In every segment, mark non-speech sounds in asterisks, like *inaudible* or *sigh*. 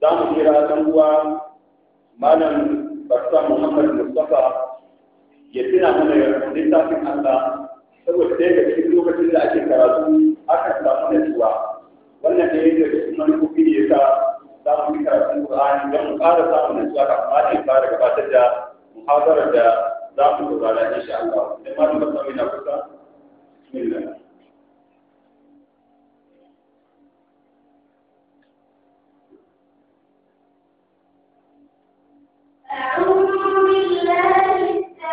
za mu kira ɗan uwa malam barsa muhammad mustafa ya tuna mana littafin allah saboda ɗaya daga cikin lokacin da ake karatu akan samu natsuwa wannan ne yadda da kuma nufi ne ya za mu yi karatun Qur'ani don mu ƙara samun natsuwa kafin ma ne fara gabatar da muhawarar da za mu da insha Allah. Sai ma da kusa. Bismillah.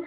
Bye, y'all.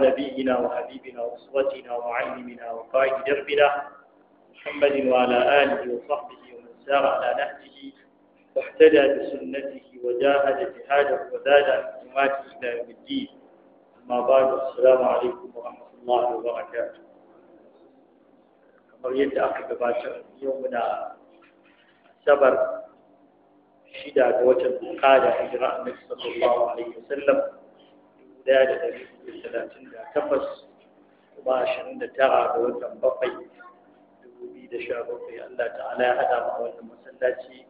نبينا وحبيبنا وأسوتنا ومعلمنا وقائد دربنا محمد وعلى آله وصحبه ومن سار على نهجه واحتدى بسنته وجاهد جهاده وزاد عن إلى يوم الدين أما بعد السلام عليكم ورحمة الله وبركاته kamar yadda aka gabatar yau muna sabar shida ga watan kada hijira annabi sallallahu alaihi wasallam da ɗari talatin da takwas kuma ashirin da tara da watan bakwai dubu biyu da sha bakwai Allah ta'ala ya haɗa mu a wannan masallaci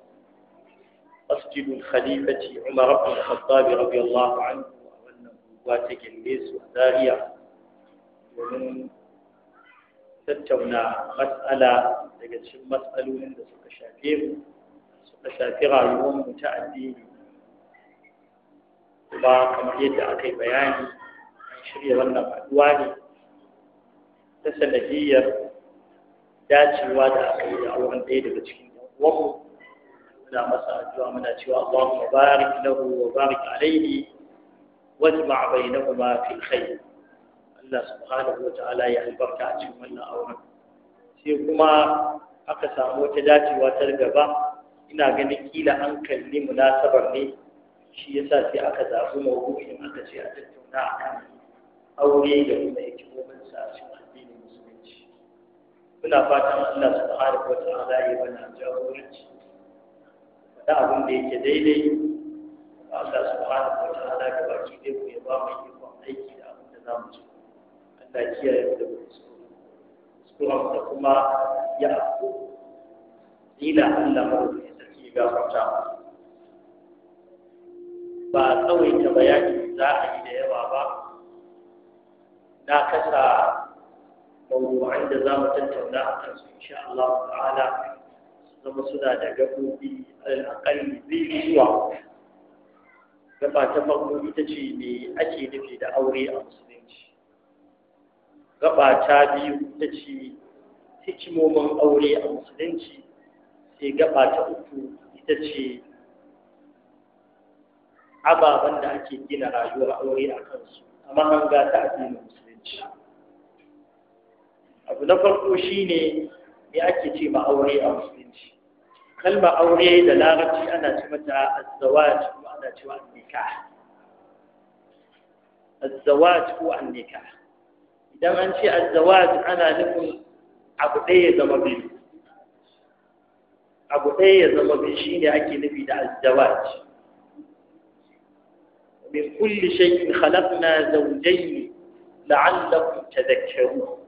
مسجد الخليفة عمر بن الخطاب رضي الله عنه وأنه واتك الليس والدارية ومن تتونا مسألة لقد شم مسألة عند سكشافير سكشافير يوم متعدين ba kamar yadda aka yi bayani shirya wannan haɗuwa ne ta sanadiyyar dacewa da aka yi da auren ɗaya daga cikin uwanmu muna masa addu'a muna cewa wa barik lahu wa barik alayhi wajma' bainahuma fil khair Allah subhanahu wa ta'ala ya albarka a cikin wannan auren sai kuma aka samu wata dacewa ta gaba ina ganin kila an kalli munasabar ne shi yasa sai aka zaɓi mawuyin aka ce a tattauna a kan aure da kuma hikimomin sa a cikin addinin musulunci muna fatan Allah subhanahu wa ta'ala ya bana jagoranci Wani abin da yake daidai Allah subhanahu wa ta'ala da baki dai ku ya ba mu ikon aiki da abin da za mu ci Allah kiyaye mu da kuskuren da kuma ya afu ila Allah mu da sarki gafarta mu ba tsawaita bayani za a yi da yawa ba na kasa mawdu'an da za mu tattauna a kansu insha Allah ta'ala zama suna da gabobi al'aƙalli biyu zuwa gaba ta farko ita ce me ake nufi da aure a musulunci gaba ta biyu ita ce hikimomin aure a musulunci sai gaba ta uku ita ce ababen da ake gina rayuwar aure a kansu a mahanga ta addinin musulunci abu na farko shi ne me ake ce ma aure a musulunci kalma aure da larabci ana ce mata azzawaj ko ana cewa nikah azzawaj ko annikah idan an ce azzawaj ana nufin abu ɗaya ya zama biyu abu ɗaya ya zama biyu shine ake nufi da azzawaj من كل شيء خلقنا زوجين لعلكم تذكرون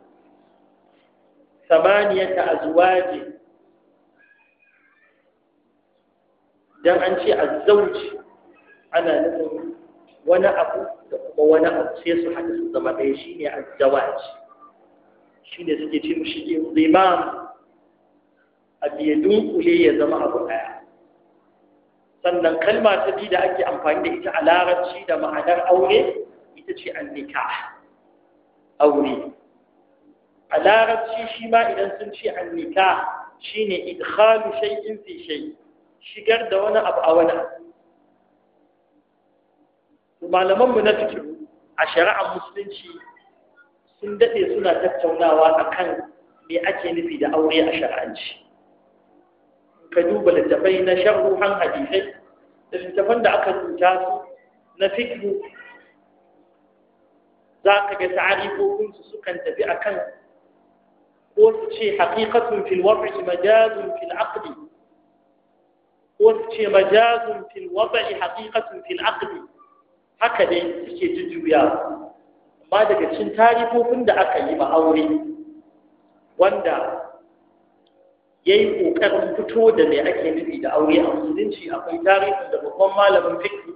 ثمانية أزواج دم أنشي الزوج أنا نفهم وانا أبو وانا أبو سيسو حتى سوزما بيشيني الزواج شيني سكي تيمشي الضمام أبي يدون أولي يزما أبو آه sannan kalma ta bi da ake amfani da ita a larabci da ma'anar aure ita ce annikah aure a larabci shi ma idan sun ce annikah shine idkhalu shay'in fi shay shigar da wani abu a wani malaman mu na fiqh a shari'ar musulunci sun dade suna tattaunawa akan me ake nufi da aure a shari'anci ka duba littafai na sharhuhan hadisai da littafan da aka rubuta su na fikihu za ka ga ta'arifofinsu sukan tafi akan. ko su ce haƙiƙatun fil wafi majazun fil aqdi ko su ce majazun fil wafi haƙiƙatun fil aqdi haka dai suke jujjuya amma daga cikin tarifofin da aka yi ma aure wanda ya yi ƙoƙarin fito da mai ake nufi da aure a musulunci akwai tarihin da babban malamin fiƙi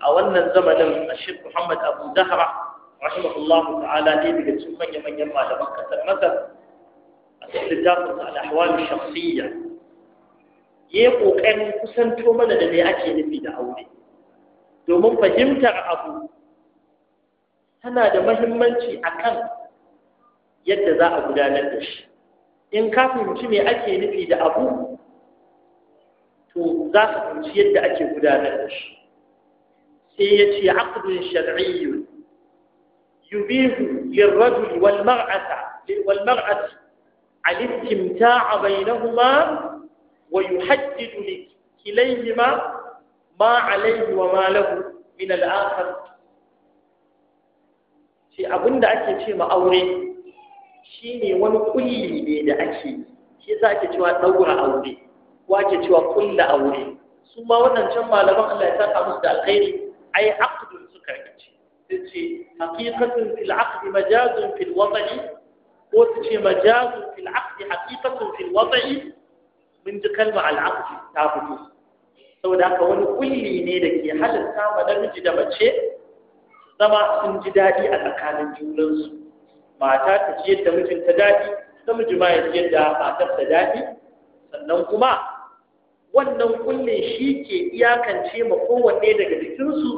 a wannan zamanin a shi muhammad abu zahra rahimahullahu ta'ala ne daga cikin manya-manyan malaman ƙasar masar a cikin littafin al'ahwal shakhsiyya ya ƙoƙarin kusanto mana da mai ake nufi da aure domin fahimtar abu tana da mahimmanci akan yadda za a gudanar da shi in ka fahimci me ake nufi da abu to za ka fahimci yadda ake gudanar da shi sai ya ce aqdun shar'iyyun yubihu lirrajuli wal mar'ata wal mar'ati al istimta'a bainahuma wa yuhaddidu li kilayhima ma alayhi wa ma lahu min al akhar shi abinda ake ce ma aure shine wani kulli ne da ake shi za ake cewa daura aure ko ake cewa kulla aure su ma wannan can malaman Allah ya saka musu da alkhairi ai aqdun suka rikice sai ce haqiqatun fil aqdi majazun fil wada'i ko su ce majazun fil aqdi haqiqatun fil wada'i mun ji kalma al aqdi ta fito saboda haka wani kulli ne da ke halatta ma namiji da mace zama sun ji daɗi a tsakanin junansu mata ta ciyar da ta daɗi namiji ma ya ciyar da ta daɗi sannan kuma wannan kullin shi ke iyakance ma kowanne daga jikinsu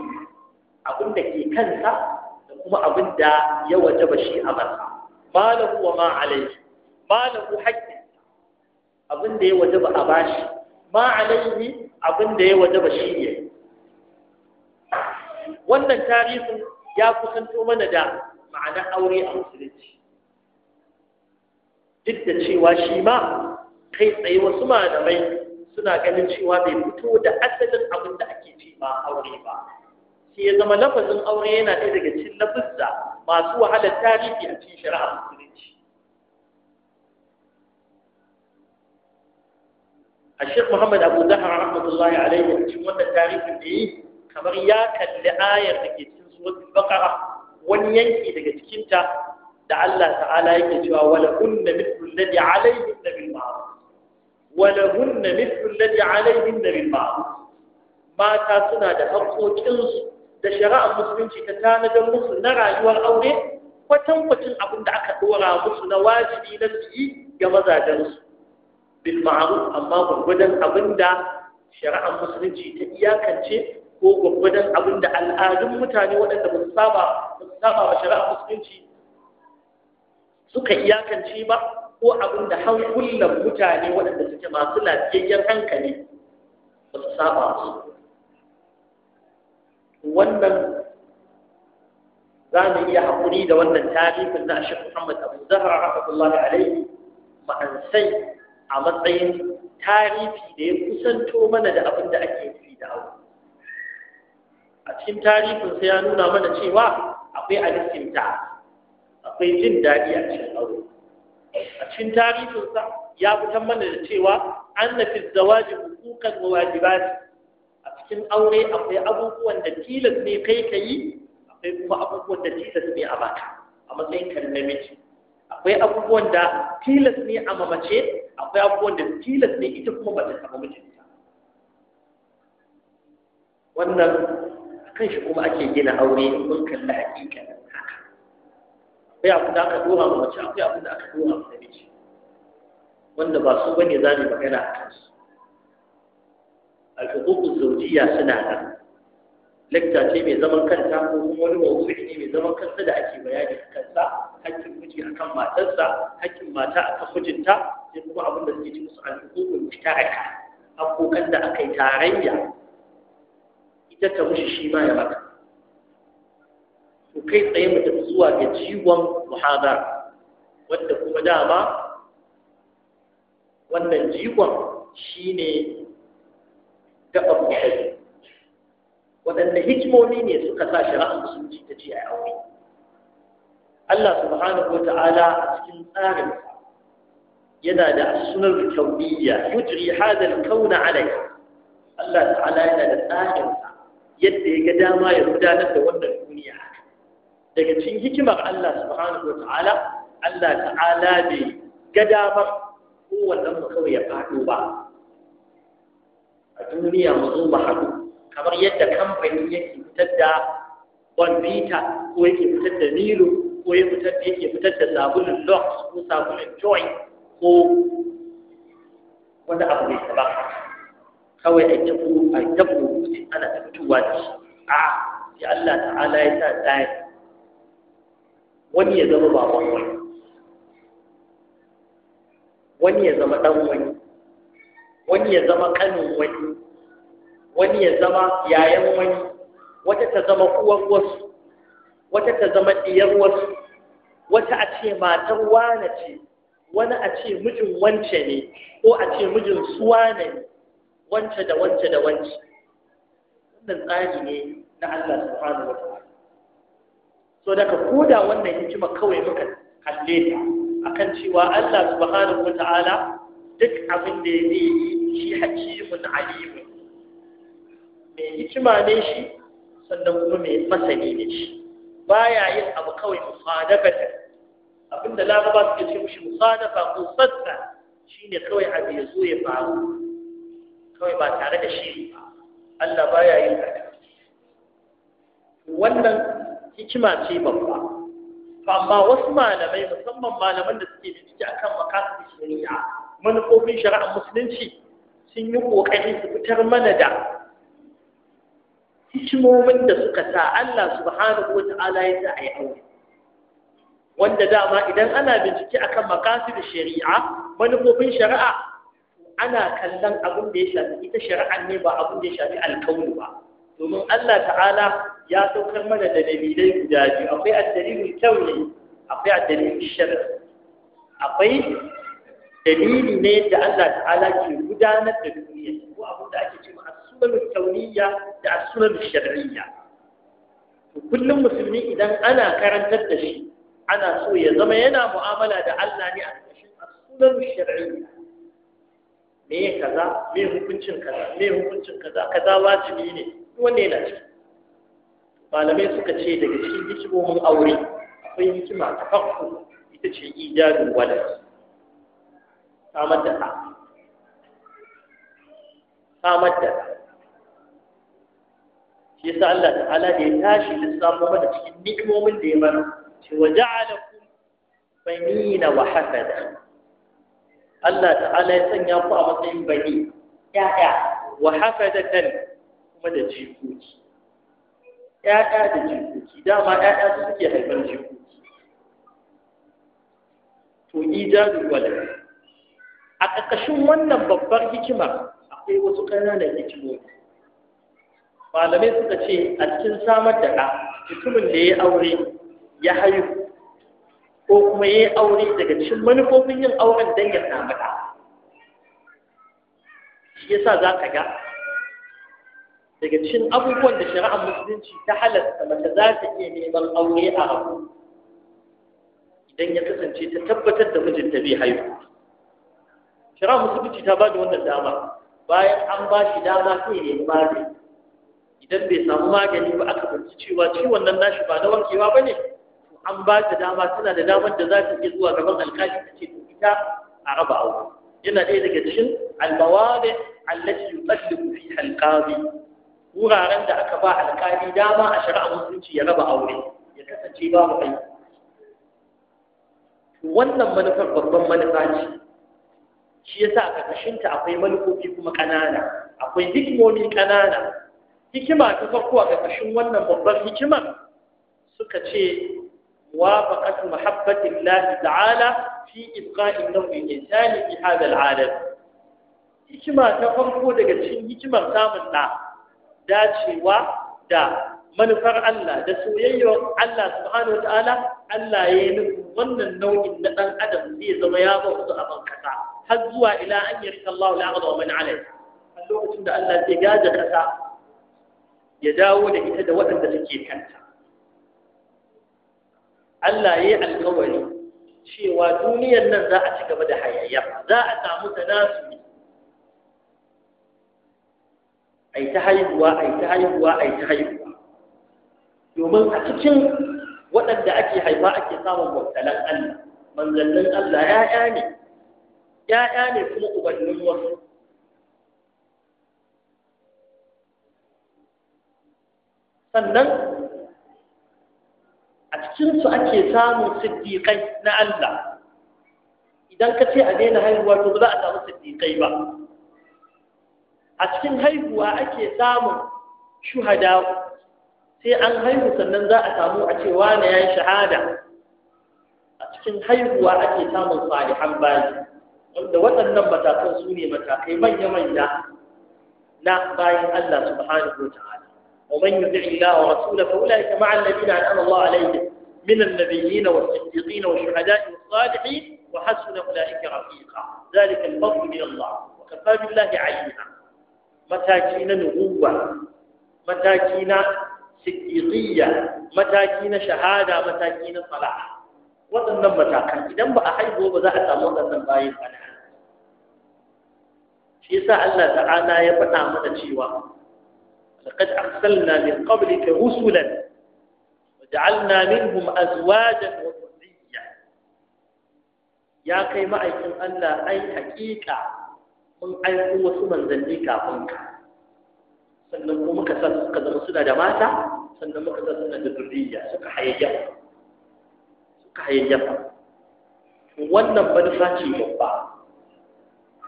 abin da ke kansa da kuma abin da ya wajaba shi a masa malahu wa ma alaihi malahu haƙƙin abin da ya wajaba a bashi ma alaihi abin da ya wajaba shi ne wannan tarihin ya kusanto mana da ma'ana aure a musulunci duk da cewa shi ma kai tsaye wasu malamai suna ganin cewa bai fito da asalin abin da ake ce ma aure ba shi ya zama lafazin aure yana ɗaya daga cikin lafazza masu wahalar tarihi a cikin shari'a musulunci الشيخ محمد أبو زهر رحمة الله عليه في wannan tarihin da yi kamar ya kalli ayar da ke cikin suratul baqara wani yanki daga cikinta da Allah ta'ala yake cewa wala hunna mithlu alladhi alayhin bil ma'ruf wala hunna mithlu alladhi alayhin bil ma'ruf mata suna da haƙoƙinsu da shari'ar musulunci ta tanadar musu na rayuwar aure kwatankwacin abin da aka dora musu na wajibi na su yi ga mazajensu bil ma'ruf amma gurgudan abin da shari'ar musulunci ta iyakance ko gwagwadon abin da al'adun mutane waɗanda ba su saba ba su saba ba shari'a musulunci suka iyakance ba ko abin da hankulan mutane waɗanda suke masu lafiyayyen hankali ba su saba su wannan za mu iya haƙuri da wannan tarihin na shi Muhammad Abu Zahra rahmatullahi alaihi ma'ansai a matsayin tarihi da ya kusanto mana da abin da ake fi da abu. a cikin tarihin sai ya nuna mana cewa akwai alistinta akwai jin daɗi a cikin aure a cikin tarihin sa ya fitar mana da cewa anna fi zawaji hukukan wa wajibat a cikin aure akwai abubuwan da tilas ne kai kai akwai kuma abubuwan da tilas ne a baka a matsayin kan namiji akwai abubuwan da tilas ne a mamace akwai abubuwan da tilas ne ita kuma ba ta mijinta wannan kan shi kuma ake gina aure in mun kalli hakika haka akwai abin da aka dora ma mace akwai abin da aka dora ma namiji wanda ba su bane za mu magana a kansu al-huququ zawjiyya suna nan lekta ce mai zaman kanta ko kuma wani mawdu'i ne mai zaman kansa da ake bayani a kansa hakkin miji kan matarsa hakkin mata a kan mijinta sai kuma abin da suke ci musu al-huququ mutaaka hakokan da aka yi tarayya ta mushi shi ma ya maka to kai tsaye mata zuwa ga jiwon muhadar wanda kuma dama wannan jiwon shine ga muhadara waɗanda hikimomi ne suka sa shari'ar musulunci ta ce a aure Allah subhanahu wa ta'ala a cikin tsarin yana da sunan kauniyya yujri hadal kauna alai Allah ta'ala yana da tsarin sa yadda ya ga dama ya gudanar da wannan duniya daga cikin hikimar Allah subhanahu wata'ala Allah ta'ala bai ga damar kowannen mu kawai ya faɗo ba a duniya mu zo haɗu kamar yadda kamfani yake fitar da bonvita ko yake fitar da milo ko ya ke yake fitar da sabulun lox ko sabulun joy ko wani abu mai kawai a tabu lokaci ana ta fitowa da shi a ya Allah ta'ala ya sa tsari wani ya zama ba wani wani ya zama ɗan wani wani ya zama kanin wani wani ya zama yayan wani wata ta zama uwar wasu wata ta zama diyar wasu wata a ce matar wane ce wani a ce mijin wance ne ko a ce mijin suwa ne wance da wance da wance wannan tsari ne na Allah subhanahu wa ta'ala so daga koda wannan hikima kawai muka kalle ta akan cewa Allah subhanahu wa ta'ala duk abin da ya yi shi hakimun alimu mai hikima ne shi sannan kuma mai masani ne shi baya yin abu kawai musadafatan abinda laraba suke ce mushi musadafa ko sadda shine kawai abu ya zo ya faru kawai ba tare da shiri ba Allah baya yin wannan hikima ce babba amma wasu malamai musamman malaman da suke bincike akan makasar shari'a manufofin shari'ar musulunci sun yi ƙoƙari su fitar mana da hikimomin da suka sa Allah subhanahu wata'ala ya sa a yi aure wanda dama idan ana bincike akan makasar shari'a manufofin shari'a ana kallon abin da ya shafi ita shari'a ne ba abin da ya shafi alkaunu ba domin Allah ta'ala ya saukar mana da dalilai guda biyu akwai addalilin ne, akwai addalilin shari'a akwai dalili ne da Allah ta'ala ke gudanar da duniya ko abin da ake cewa as-sunan kauniyya da as-sunan shar'iyya kullum musulmi idan ana karantar da shi ana so ya zama yana mu'amala da Allah ne a cikin as-sunan shar'iyya me kaza me hukuncin kaza me hukuncin kaza kaza wajibi ne wanne yana ciki malamai suka ce daga cikin hikimomin aure akwai hikima ta farko ita ce ijazin wadda samar da ta samar da ɗa shi yasa Allah ta'ala da ya tashi samu mana cikin hikimomin da ya bar ce wa ja'alakum banina wa hasada Allah ta'ala ya sanya ku a matsayin bani ƴaƴa wa hafadatan kuma da jikoki ƴaƴa da jikoki dama ƴaƴa su suke haifar jikoki to ijadu walad a ƙarƙashin wannan babbar hikimar akwai wasu ƙananan hikimomi malamai suka ce a cikin samar da ɗa mutumin da ya yi aure ya haihu ko kuma ya yi aure daga cikin manufofin yin auren don ya samu ɗa shi yasa za ka ga daga cikin abubuwan da shari'ar musulunci ta halatta mace za ta iya neman aure a abu idan ya kasance ta tabbatar da mijinta bai haihu shari'ar musulunci ta ba da wannan dama bayan an ba shi dama sai ya yi magani idan bai samu magani ba aka binciki cewa ciwon nan nashi ba na warkewa ba ne an ba ta dama tana da damar da za ta iya zuwa gaban alkali ta ce ita a raba aure yana ɗaya daga cikin almawadi allati yusallu fi alqadi wuraren da aka ba alkali dama a shari'a musulunci ya raba aure ya kasance babu kai wannan manufar babban manufa ce shi yasa a ƙarƙashinta akwai manufofi kuma ƙanana akwai hikimomi ƙanana hikima ta farko a ƙarƙashin wannan babbar hikimar suka ce وافقت محبة الله تعالى في إبقاء النوع الإنساني في هذا العالم hikima ta farko daga cikin hikimar samun da dacewa da manufar Allah da soyayyar Allah subhanahu wataala Allah ya yi wannan nau'in na dan adam zai zama ya ba su a kasa har zuwa ila an yarka Allah al-ardh wa man alayha a lokacin da Allah zai gaja kasa ya dawo da ita da waɗanda suke kanta Allah ya yi alkawari cewa duniyar nan za a ci gaba da hayayya za a samu tanasuri ai ta haihuwa ai ta haihuwa ai ta haihuwa domin a cikin waɗanda ake haifa ake samun mubtalan Allah manzannin Allah ya'ya ne ya'ya ne kuma ubannin wasu sannan cikin su ake samun siddiƙai na Allah idan ka ce a daina haihuwa to ba za a samu siddiƙai ba a cikin haihuwa ake samun shuhada sai an haihu sannan za a samu a ce wane ya yi shahada a cikin haihuwa ake samun salihan bayi wanda waɗannan matakan su ne matakai manya-manya na bayan Allah subhanahu wa ta'ala ومن يطع الله ورسوله فاولئك مع الذين انعم الله عليهم من النبيين والصديقين والشهداء والصالحين وحسن أولئك رفيقا ذلك الفضل من الله وكفى بالله عينا متاكين نبوة متاكين صديقية متاكين شهادة متاكين صلاح waɗannan matakan idan ba a haihuwa ba za a samu waɗannan bayan bana shi yasa Allah ta'ala ya faɗa mana cewa laqad arsalna min qablika rusulan ja'alna minhum azwajan wa dhurriyya ya kai ma'aikin Allah ai haƙiƙa mun aiko wasu manzanni kafin ka sannan kuma muka san suka zama suna da mata sannan muka san suna da zurriya suka hayayya suka hayayya wannan manufa ce babba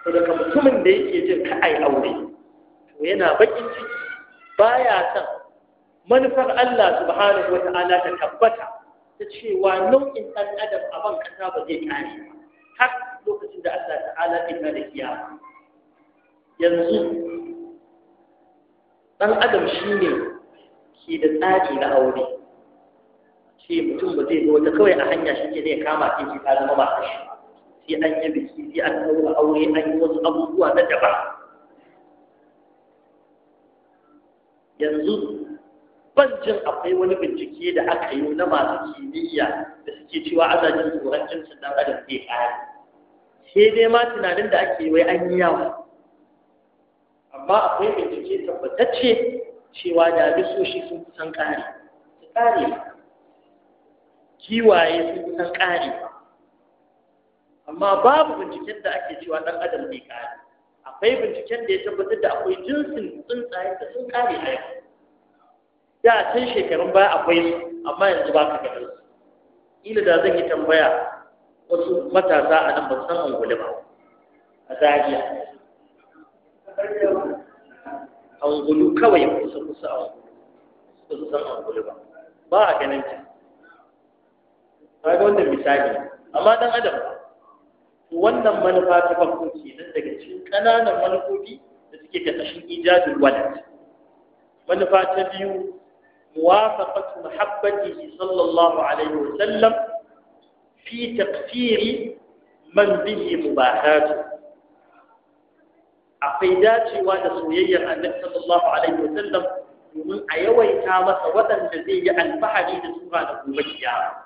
saboda mutumin da yake jin ka ai aure to yana bakin ciki baya son manufar Allah subhanahu wa ta'ala ta tabbata ta cewa nau'in ɗan adam a ban kasa ba zai kare har lokacin da Allah ta'ala na da ba? yanzu ɗan adam shi ne ke da tsari na aure ce mutum ba zai zo wata kawai a hanya shi ke zai kama ke ta zama ba shi sai an yi biki sai an ɗaura aure an yi wasu abubuwa na daban yanzu ban jin akwai wani bincike da aka yi na masu kimiyya da suke cewa adadin tsoron jinsin dan adam zai ƙare sai dai ma tunanin da ake wai an yi yawa amma akwai bincike tabbatacce cewa da bisoshi sun kusan ƙare su ƙare kiwaye sun kusan ƙare amma babu binciken da ake cewa dan adam zai ƙare akwai binciken da ya tabbatar da akwai jinsin tsuntsaye da sun ƙare a yau da can shekarun baya akwai su amma yanzu ba ka ganin su ila da zan yi tambaya wasu matasa a nan ba san angulu ba a zariya angulu kawai kusa kusa angulu ba su san angulu ba ba a ganin ta ga wannan misali amma dan adam wannan manufa ta farko nan daga cikin ƙananan manufofi da suke ƙashin ijadul walad manufa ta biyu موافقة محبته صلى الله عليه وسلم في تقصير من به مباحاته أقيداتي وانا سويا أن صلى الله عليه وسلم ومن أيوي تامس وطن الذي الفحدي لسورة المجيئة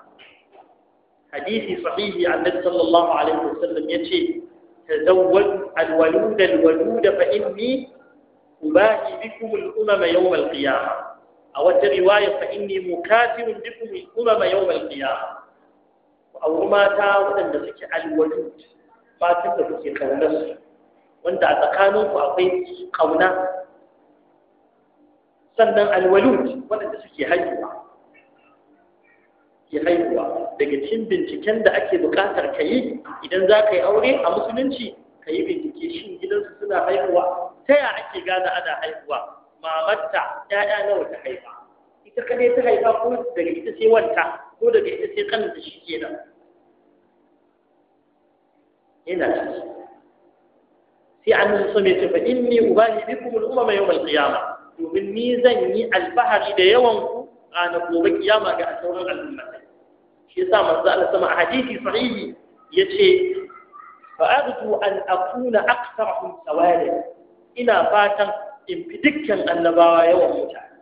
حديث صحيح عن النبي صلى الله عليه وسلم يتي تزوج الولود الولود فإني أباهي بكم الأمم يوم القيامة a wata riwaya fa inni mukathirun bikum umama yawmal qiyamah auri mata waɗanda suke alwadu fatin da suke kaunar su wanda a tsakaninku akwai kauna sannan alwalud wadanda suke haihuwa ke haihuwa daga cikin binciken da ake buƙatar ka yi idan za ka yi aure a musulunci ka yi bincike shin gidansu suna haihuwa ta ya ake gane ana haihuwa mamanta ‘ya'ya nawa ta haifa ita kadai ta haifa ko daga ita sai wanta ko daga ita sai kan da shi ke nan yana ciki sai an so mai tafi uba ubahi bikum al-umama yawm domin ni zan yi alfahari da yawan ku ranar gobe kiyama ga sauran al'umma shi yasa manzo Allah sama a hadisi sahihi yace a arju an akuna aktharuhum sawada ina fatan in fi dukkan annabawa yawan mutane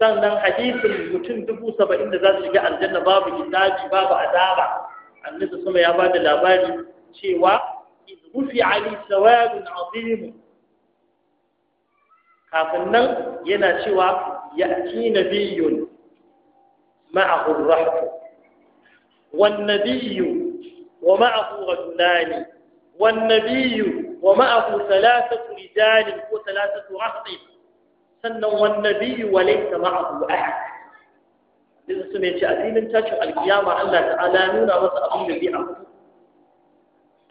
sannan hadisin mutum dubu saba'in da za su shiga aljanna babu gidaji babu azaba annabi sama ya ba da labari cewa In rufi ali sawadun azimu kafin nan yana cewa ya ci nabiyun ma'ahu rahmu wan wa ma'ahu rajulani والنبي ومعه ثلاثة رجال وثلاثة رهط سنة والنبي وليس معه أحد إذا سمعت أذين تشعر القيامة الله تعالى نونا وسأقول النبي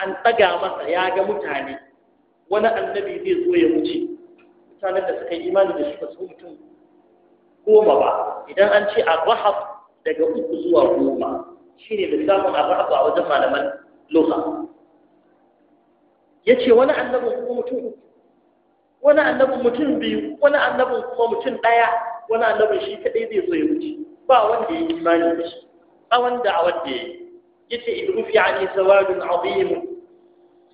an ɗaga masa ya ga mutane wani annabi zai zo ya wuce mutanen da suka yi imani da shi ba mutum goma ba idan an ce arrahab daga uku zuwa goma shine lissafin arrahab a wajen malaman lugha yace wani annabin kuma mutum wani annabin mutum biyu wani annabin kuma mutum ɗaya wani annabin shi kaɗai zai zo ya wuce ba wanda ya yi imani da shi wanda da'awar da ya yi yace in rufi ani zawadun azim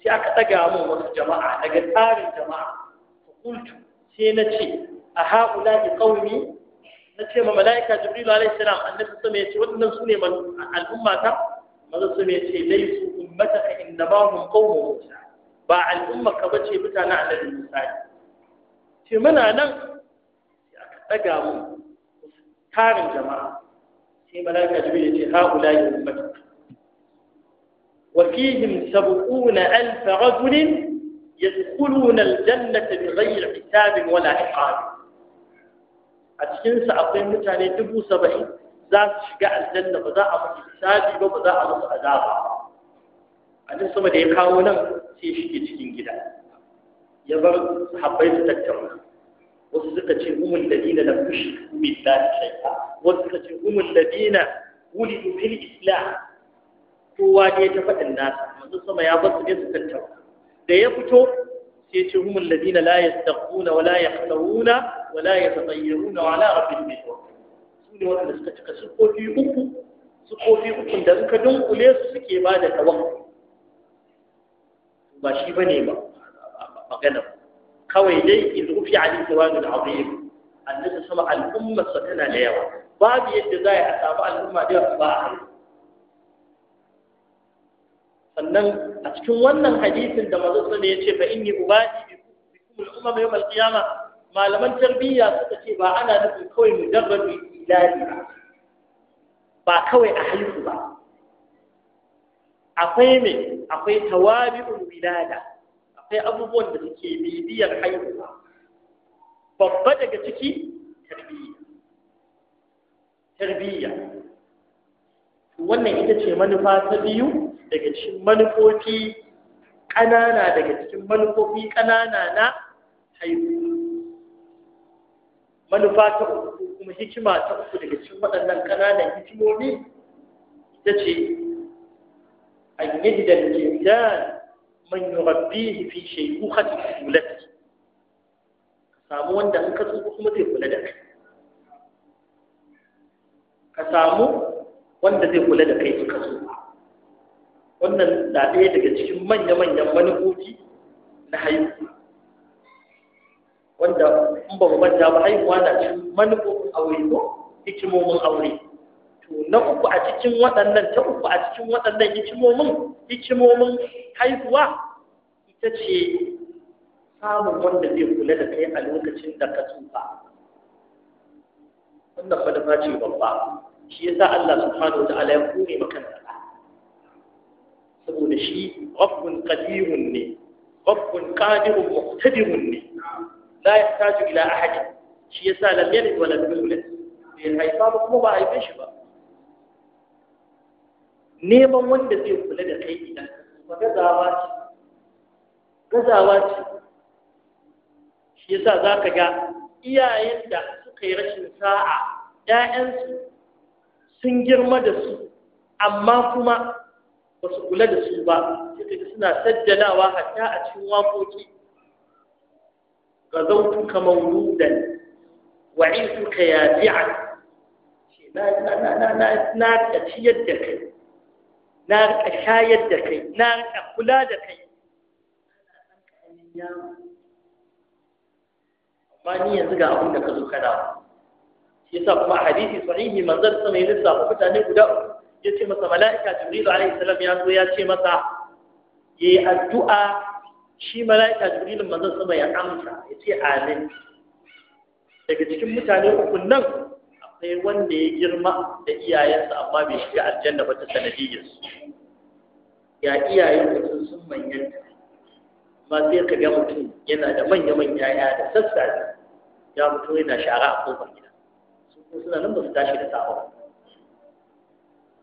sai aka ɗaga min wasu jama'a daga tsarin jama'a qultu sai na ce a haula bi qaumi na ce ma mala'ika jibrilu alayhi salam annabi sama yace wannan su ne al'ummata manzo sama yace laysu ummataka innama hum qaumun musa ba al'ummar ka ce mutane annabi Musa ce muna nan aka daga mu tarin jama'a sai malaika jibril ya ce haula ya ummatu wa fihim sab'una alf rajul yadkhuluna aljannata bighayri hisabin wala iqab a cikin sa akwai mutane dubu saba'in za su shiga aljanna ba za a ba ba za a musu azaba annabi sama da ya kawo nan sai shige cikin gida ya bar sahabbai su tattauna wasu suka ce umul ladina lam yushriku billahi shay'a wasu suka ce umul ladina wulidu fil islam kowa ne ta faɗin nasa masu sama ya bar su ne su tattauna da ya fito sai ce humul ladina la yastaquna wa la yahtawuna wa la yatatayyaruna wa la rabbihim yatawakkal su ne wanda suka cika sukofi uku sukofi uku da suka dunkule su suke ba da tawakkul ba shi bane ba magana kawai dai in rufi ali sawanul azim annabi sama al'umma tana da yawa babu yadda za a samu al'umma da yawa ba a sannan a cikin wannan hadisin da manzo sallallahu ya ce fa in ubadi bikum al-umam yawm al-qiyamah malaman tarbiyya suka ce ba ana nufin kawai mujarradu ilahi ba ba kawai a haihu ba akwai me akwai tawabi'ul wilada akwai abubuwan da suke bibiyar haihuwa babba daga ciki tarbiyya tarbiyya wannan ita ce manufa ta biyu daga cikin manufofi ƙanana daga cikin manufofi ƙanana na haihuwa manufa ta uku kuma hikima ta uku daga cikin waɗannan ƙananan hikimomi ita ce أن يجد الإنسان من يربيه في شيخوخة طفولته samu wanda in ka kuma zai kula da kai ka samu wanda zai kula da kai in ka wannan na ɗaya daga cikin manya-manyan manufofi na haihuwa wanda in ba mu manta ba haihuwa na cikin manufofin aure ko hikimomin aure to na uku a cikin waɗannan ta uku a cikin waɗannan hikimomin hikimomin haihuwa ita ce samun wanda zai kula da kai a lokacin da ka tsufa wannan manufa ce babba shi ya sa Allah subhanahu wa ta'ala ya kure maka saboda shi rabbun qadirun ne rabbun qadirun muqtadirun ne la yahtaju ila ahadin shi sa lam yalid wa lam yulad bai haifa ba kuma ba a haife shi ba neman wanda zai kula da kai idan ba gazawa ce gazawa ce shi yasa za ka ga iyayen da suka yi rashin sa'a ‘ya'yansu sun girma da su amma kuma ba su kula da su ba suka suna sajjalawa hatta a cikin wakoki ga zautuka mauludan wa'insuka ya bi'a na na na na na na na na na rika shayar da kai na rika kula da kai amma ni yanzu ga abin da ka zo kana shi yasa kuma hadisi sahihi manzon sama ya lissafa mutane guda ya ce masa mala'ika jibril alaihi salam ya zo ya ce masa ya yi addu'a shi mala'ika jibril manzon sama ya amsa ya ce amin daga cikin mutane uku nan sai wanda ya girma da iyayensa amma bai shiga aljanna ba ta sanadiyyarsu ya iyayen sun sun manyanta ma sai ka ga mutum yana da manya-manya ya da sassafe ya mutu yana shara a kofar gida su kuma suna nan ba su tashi da safe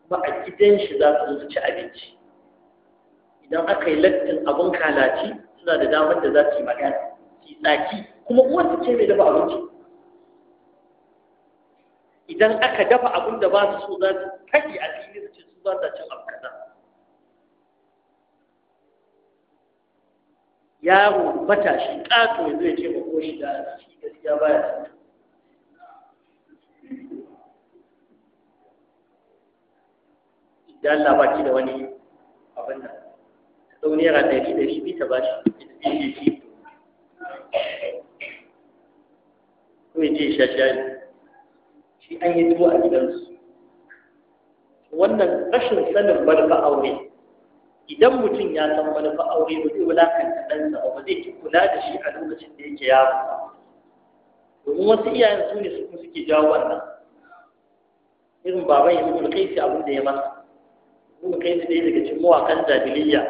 Kuma a gidan shi za su zo ci abinci idan aka yi lattin abin kalaci suna da damar da za su yi magana su tsaki kuma uwar ce mai dafa abinci idan aka dafa abin da ba su so za su kai a cikin su ce su ba ta cin abu kaza yaro matashi ƙato ya zai ce ma ko shi da shi gaskiya ya cin da Allah baki da wani abin nan ta ɗau naira da shi biyu ta bashi ita ce shi ko ya ce shashari sai an yi zuwa a gidansu wannan rashin sanin manufa aure idan mutum ya san manufa aure ba zai wulakanta ɗansa ba zai ki kula da shi a lokacin da yake yaro domin wasu iyayen su ne su suke jawo wannan irin baban yanzu mutu kai shi abin da ya masa mun kai shi ɗaya daga cikin mawakan jabiliya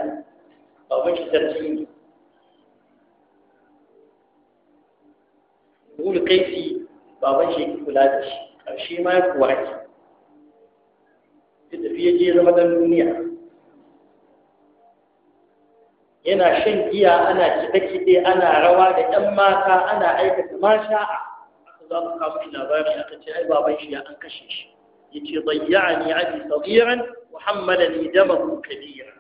baban shi sarki ne mun kai shi baban shi ya kula da shi ƙarshe ma kuwa ake ya tafi je zama ɗan duniya yana shan giya ana kiɗe-kiɗe ana rawa da 'yan mata ana aikata ma a aka za mu kawo shi labari aka ce ai baban shi ya an kashe shi ya ce bayyani abi sabiran muhammada ni dama ku kabira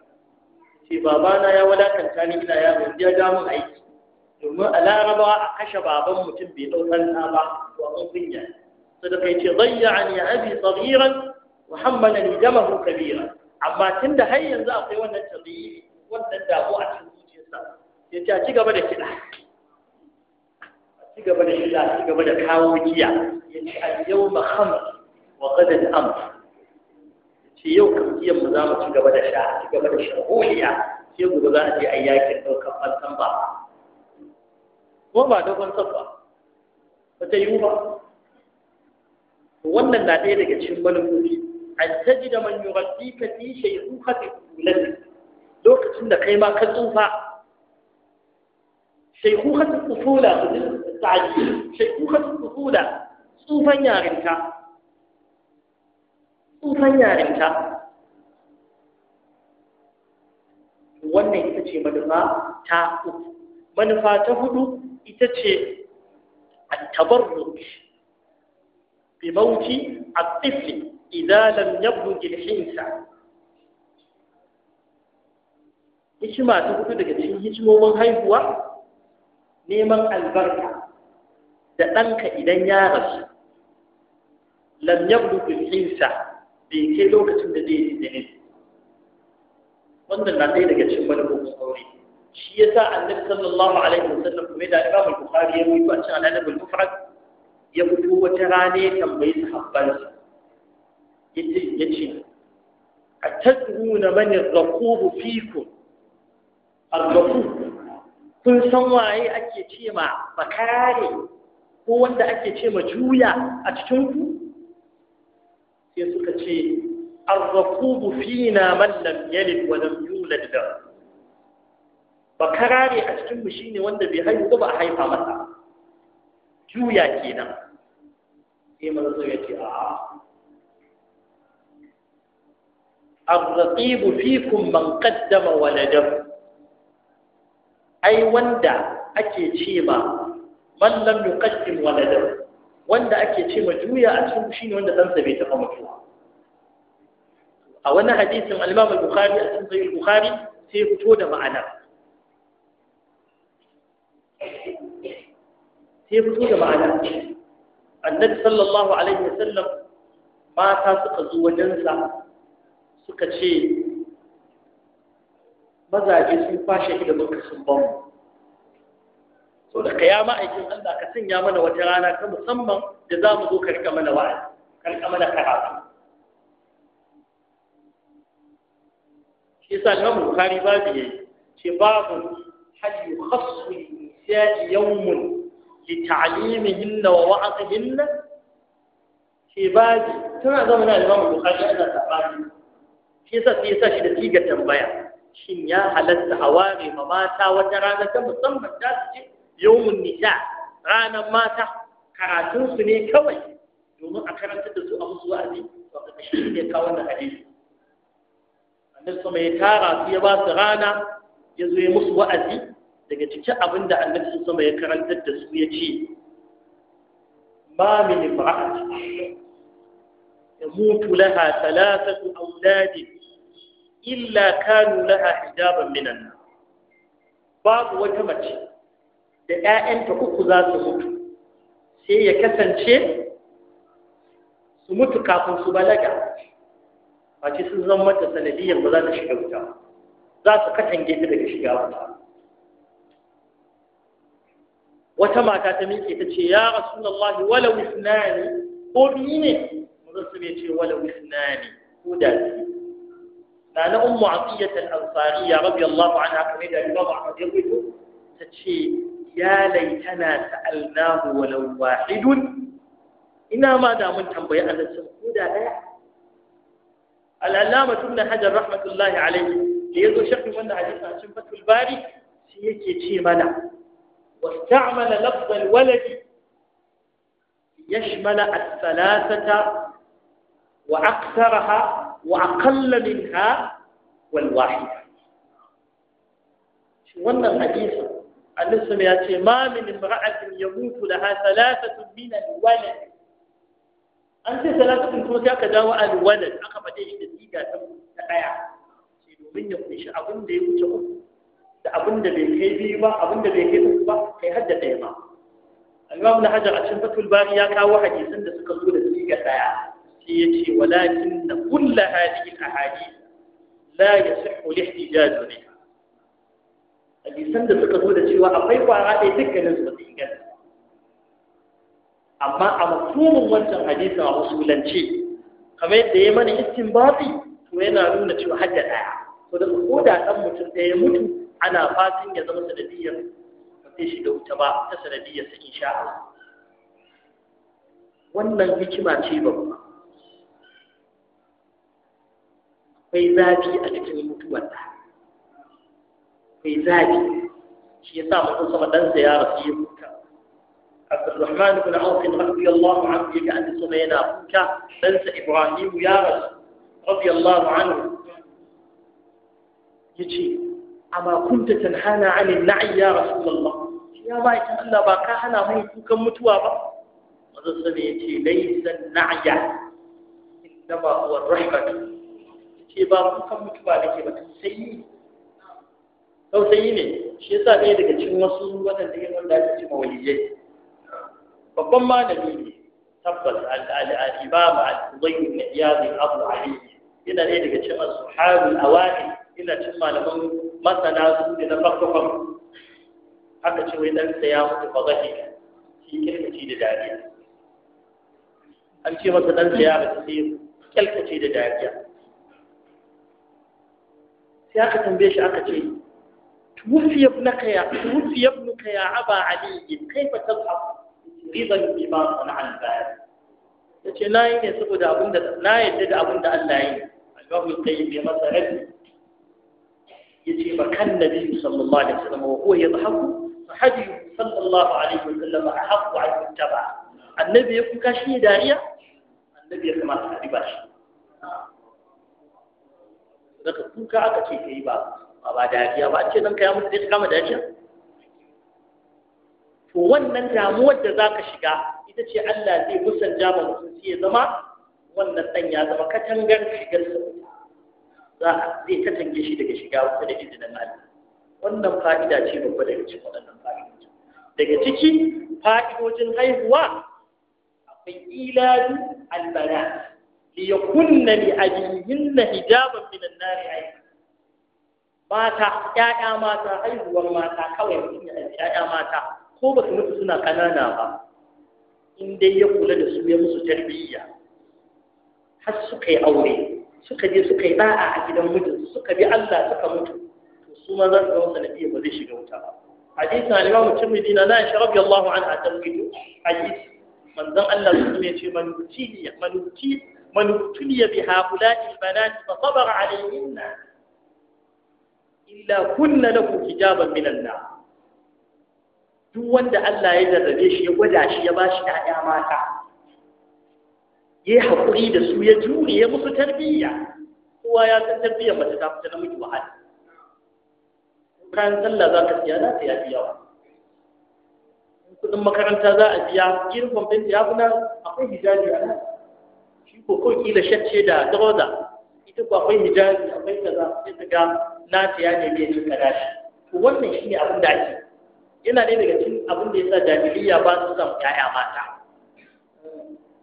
ce babana ya wadakanta ni ina yaro ya ja mun aiki domin a larabawa a kashe baban mutum bai ɗaukan ba to an kunya ne sadaka yace dayya'ani abi saghiran wa hammalani damahu kabira amma tunda har yanzu akwai wannan tabi'i wannan dabo a cikin zuciyarsa yace a cigaba da kida a cigaba da kida ci gaba da kawo giya yace al-yawma khamr wa qad al-amr yace yau kan giyan mu za mu ci da sha a cigaba da sharholiya sai gobe za a je a yakin ɗaukar fansan ba kuma ba dogon sabba ba ta yiwu ba wannan na ɗaya daga cikin manufofi an taji da man yuraddi ka fi shaidu ka fi kulati lokacin da kai ma ka tsufa shaidu ka fi kufula ta'adi shaidu ka fi kufula tsufan yarinta tsufan yarinta wannan ita ce manufa ta uku manufa ta hudu ita ce at-tabarruj بموت الطفل إذا لم يبلغ الحنسة hikima ta hudu daga cikin hikimomin haihuwa neman albarka da ɗanka idan ya rasu lam yablu bil insa kai lokacin da zai yi wannan na ɗaya daga cikin manufofin aure shi yasa annabi sallallahu alaihi wasallam kuma da imam al-bukhari ya rubuta a cikin al-adab ya fito wata rana ya tambayi sahabbansa ya ce a tadruna mani rakubu fiku al-rakubu kun san waye ake ce ma bakare ko wanda ake ce ma juya a cikin ku sai suka ce al-rakubu fina man lam yalid wa lam yulad da bakarare a cikin mu shine wanda bai haihu ba a haifa masa juya kenan sai mun zo yace a arqibu fikum man qaddama waladahu ai wanda ake cewa man lam yuqaddim waladahu wanda ake cewa juya a cikin shine wanda dan sa bai taba mutuwa a wannan hadisin al-Imam al-Bukhari al sai fito da ma'anar. ke fito da ma'ana annabi sallallahu alaihi wasallam mata suka zo wajensa suka ce mazaje sun fashe ilimin sun ban so da ka ya ma'aikin Allah ka sanya mana wata rana ta musamman da za mu zo ka rika mana wa'azi ka rika mana karatu shi yasa Imam Bukhari babu yayi ce babu hajji khassu nisa'i yawmun لتعليمهن ووعظهن في باب تنا زمنا الإمام البخاري أنا تعبان shi yasa sai yasa shi da tiga tambaya shin ya halatta a ware ma mata wata rana ta musamman ta su ce yawmun nisha ranar mata karatun su ne kawai domin a karantar da su a musu wa'azi to ka kashi ne ka tara su ya ba su rana ya zo musu wa'azi daga cikin abin da annabi sun sama ya karantar da su ya ce ma min imra'ati mutu laha thalathatu awlad illa kanu laha hijaban minan babu wata mace da ƴaƴanta uku za su mutu sai ya kasance su mutu kafin su balaga ce sun zama mata sanadiyar ba za ta shiga wuta za su katange ta daga shiga wuta wata mata ta miƙe ta ce ya rasulullahi wala wisnani ko biyu ne manzon su ne ce wala wisnani ko da biyu na na ummu atiyat al-ansariya radiyallahu anha kamar da Imam Ahmad ya rubuto ta ce ya laitana sa'alnahu walau wahidun ina ma da mun tambayi Allah sun ko da daya al-allama ibn hajar rahmatullahi alayhi da yazo sharhi wannan hadisi a cikin fatul bari shi yake ce mana واستعمل لفظ الولد يشمل الثلاثة وأكثرها وأقل منها والواحدة شوانا عن النسم يأتي ما من امرأة يموت لها ثلاثة من الولد أنت ثلاثة من فرصة كدواء الولد أقبت إيش نتيجة تقول تقع سيدو من يقول إيش أقول ليه وتقول da abinda bai kai biyu ba abinda bai kai uku ba kai hadda ɗaya ma imam na hajar a cikin fatul bari ya kawo hadisan da suka zo da siga ɗaya sai ya ce walakin na kulla hadihi ahadith la yasihhu lihtijaj biha hadisan da suka zo da cewa akwai kwara ɗaya dukkanin su ba su inganta amma a mafhumin wancan hadisin a musulunci kamar yadda ya mana istinbati to yana nuna cewa hadda ɗaya to da ko da ɗan mutum ɗaya mutu ana fatan ya zama sanadiyar ba zai shiga wuta ba ta sanadiyar sa insha Allah wannan hikima ce babba akwai zafi a cikin mutuwar da akwai zafi shi yasa mutum sama ɗansa ya rasu ya huta Abdulrahman ibn Auf radiyallahu anhu yake an sama yana huta ɗansa Ibrahim ya rasu radiyallahu anhu yace amma kunta tanhana anil na'i ya rasulullah ya ba ita Allah ba ka hana mai kukan mutuwa ba manzo sai ya ce laysa na'ya innama huwa rahmat ce ba kukan mutuwa nake ba tausayi tausayi ne shi yasa ɗaya daga cikin wasu waɗanda yin wanda ake ce mawaliyai babban malami ne tabbas al-imam al-fudayl ibn iyad al-abu ali yana ɗaya daga cikin ashabul awali ina cikin malaman masana su ne na farko farko haka ce wai ɗansa ya mutu ba zai shi kirkaci da dariya an ce masa ɗansa ya mutu sai kyalkace da dariya sai aka tambaye shi aka ce توفي ابنك يا توفي ابنك يا أبا علي كيف تذهب رضا بما صنع الباري yace na yi ne saboda abin da na yadda da abin da Allah yi albabu kai bai masa rabi yace ba kan nabi sallallahu alaihi wasallam wa huwa yadhaku sahabi sallallahu alaihi wasallam ahqqu an yuttaba annabi ya kuka shi dariya annabi ya kamata a riba shi daga kuka aka ce kai ba ba dariya ba a ce nan kai mutu dai kama dariya to wannan damuwar da zaka shiga ita ce Allah zai musanja ma mutum sai ya zama wannan dan ya zama katangar shigar sa za a zai katange shi daga shiga wuta da izinin Allah wannan fa'ida ce babba daga cikin waɗannan fa'idoji daga ciki fa'idojin haihuwa akwai iladu albana li yakunna li abihinna hijaban min an mata ƴaƴa mata haihuwar mata kawai mutum ya ƴaƴa mata ko ba su mutu suna ƙanana ba in dai ya kula da su ya musu tarbiyya har suka yi aure suka je suka yi ba'a a gidan mijin suka bi Allah suka mutu to su ma za su zama sanadiyar ba zai shiga wuta ba hadisin al-Imam Tirmidhi na Aisha radiyallahu anha ta rubuto hadisi manzon Allah su ne ce man utiya man utiya man utiya bi haula'i al-banat fa sabara alayhinna illa kunna lahu hijaban min an duk wanda Allah ya jarrabe shi ya gwada shi ya bashi ƴaƴa mata ya haƙuri da su ya jure ya musu tarbiyya kowa ya san tarbiyyar mace ta fita namiji wahala kayan sallah za ka siya za ka yafi yawa kudin makaranta za a biya girman binta ya fi akwai hijabi a nan shi ko kawai kila shacce da tawaza ita ko akwai hijabi akwai za sai ta ga na siya ne bai cin kada shi to wannan shi ne abin da ake yana ne daga cikin abin da ya sa jahiliya ba su samu 'ya'ya mata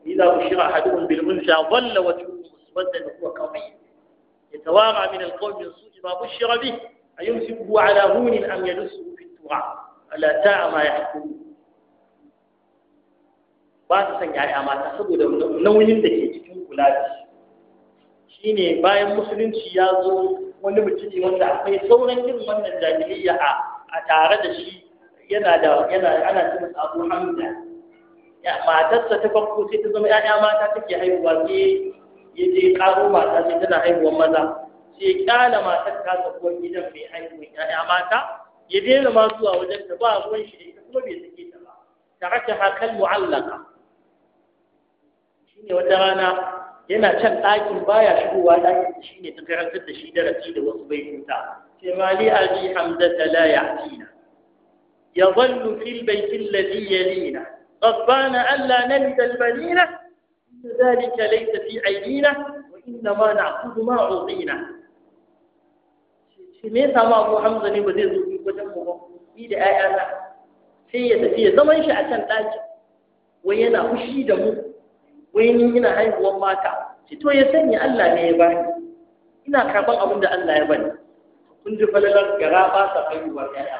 إذا بشر أحدهم بالأنثى ظل وجهه مسودا وهو كظيم يتوارى من القوم من سوء ما بشر به أيمسكه على هون أم يدسه في التراب ألا ساء ما يحكمون ba ta son ‘ya'ya mata saboda nauyin da ke cikin kula da shi ne bayan musulunci ya zo wani mutumi wanda akwai sauran wannan jahiliya a tare da shi yana da yana ana abu hamda matarsa ta farko sai ta zama ‘ya'ya mata take haihuwa sai ya je karo mata sai tana haihuwar maza sai ya kyala matar ta sabuwar gidan mai haihuwar ‘ya'ya mata ya daina ma zuwa wajen ta ba ruwan shi ita kuma bai sake ta ba ta haka hakan mu'allaka shine wata rana yana can ɗakin baya shigowa ɗakin shi ne ta karantar da shi darasi da wasu bai huta sai mali ali hamdata la ya'tina yadhallu fil baiti alladhi yalina غضبان ألا نلد البنينة إن ذلك ليس في أيدينا وإنما نعبد ما أعطينا me yasa ma Abu Hamza ne ba zai zo wajen mu ba ni da ƴaƴana sai ya tafi ya zaman shi a can ɗaki wai yana fushi da mu wai ni ina haihuwar mata shi to ya sanya Allah ne ya bani ina karɓar abin da Allah ya bani kun ji falalar gara ba sa kai wa ƴaƴa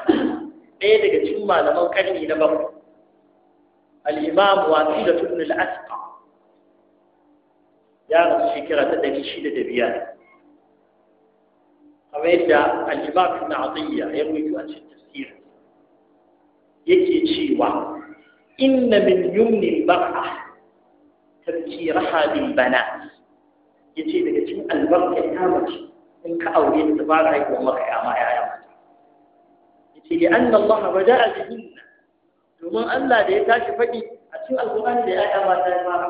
ɗaya daga cikin malaman ƙarni na bakwai الإمام واسيلة بن الأسقى يا رب شكرا تدري شيء لدبيان قويت الإمام ابن عطية يروي عن التفسير يجي تشيوا إن من يمن تبكي رحى بالبنات يجي لكي تشيو البركة كامل إن كأولين تبارك ما يعيب لأن الله بدأ بهن domin Allah da ya tashi fadi a cikin alkurani da ya aya ba ta fara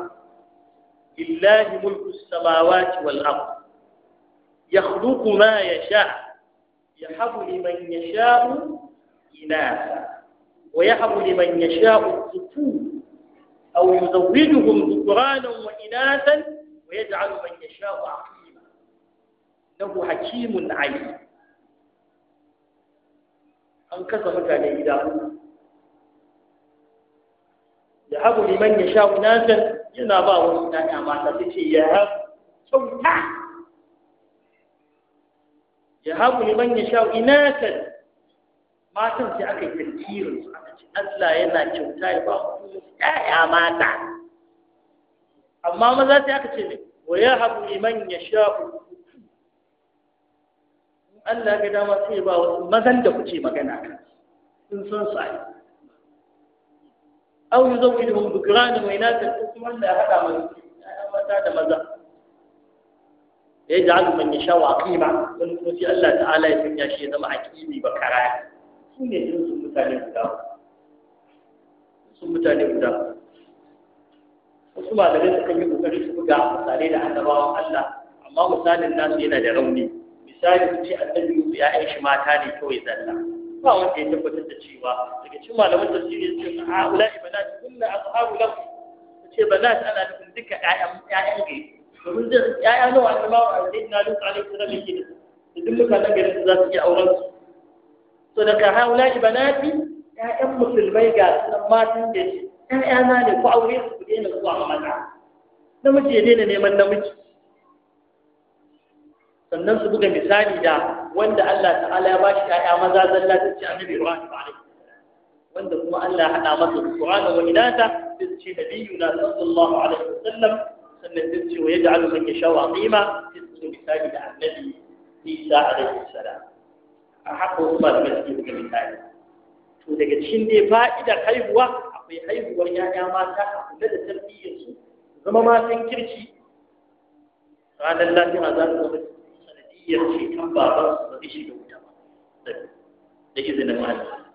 lillahi mulku samawati wal ard yakhluqu ma yasha yahabu liman yasha inasa wa yahabu liman yasha tu aw yuzawwijuhum dhukranan wa inasan wa yaj'alu man yasha aqima innahu hakimun alim an kasa mutane gida ya habu liman ya sha unasan yana ba wani ɗaya mata ta ce ya habu kyauta ya habu liman ya sha unasan matan sai aka yi tarkirin su aka ce Allah yana kyauta ya ba wasu ɗaya mata amma maza sai aka ce ne wa ya habu liman ya sha Allah ga dama sai ba wasu mazan da kuce magana kan sun san su a aw yuzawwijuhum dhukrana wa inatha ko kuma Allah ya hada mana mata da maza ya ja'al man yasha wa aqima wani kuma sai Allah ta'ala ya sanya shi ya zama aqimi ba karaya su ne jinsin mutane guda sun mutane guda wasu malamai sukan yi kokari su buga misalai da annabawan Allah amma misalin nasu yana da rauni misali su ce annabi Yusuf ya'yan shi mata ne kawai zalla ba wanda ya tabbatar da cewa daga cikin malaman tafsiri ya ce a ulai banat kunna ashabu lahu ce banat ana nufin duka ƴaƴan ƴaƴan gari domin zai ƴaƴa nawa an ma a zai na lutu alaihi salam yake da su duk mutanen garin za su iya auren su to daga haula banati ƴaƴan musulmai ga sunan matan da shi ƴaƴa na ne ku aure su ku daina zuwa maza namiji ya daina neman namiji sannan su buga misali da wanda Allah ta'ala ya bashi ƴaƴa maza zalla ta ce annabi Ibrahim alaihi wanda kuma Allah ya hada masa Qur'ana wa inata ta ce nabiyuna sallallahu alaihi wasallam sannan ta ce wa yaj'alu man yasha'u aqima ta ce misali da annabi Isa alaihi salam a haka wasu ba da gaske daga misali to daga cikin dai fa'idar haihuwa akwai haihuwar ƴaƴa mata a kula da tarbiyyarsu zama matan kirki ranar lafiya za su zama iya ceton babansu ba zai shiga wuta ba da izinin Allah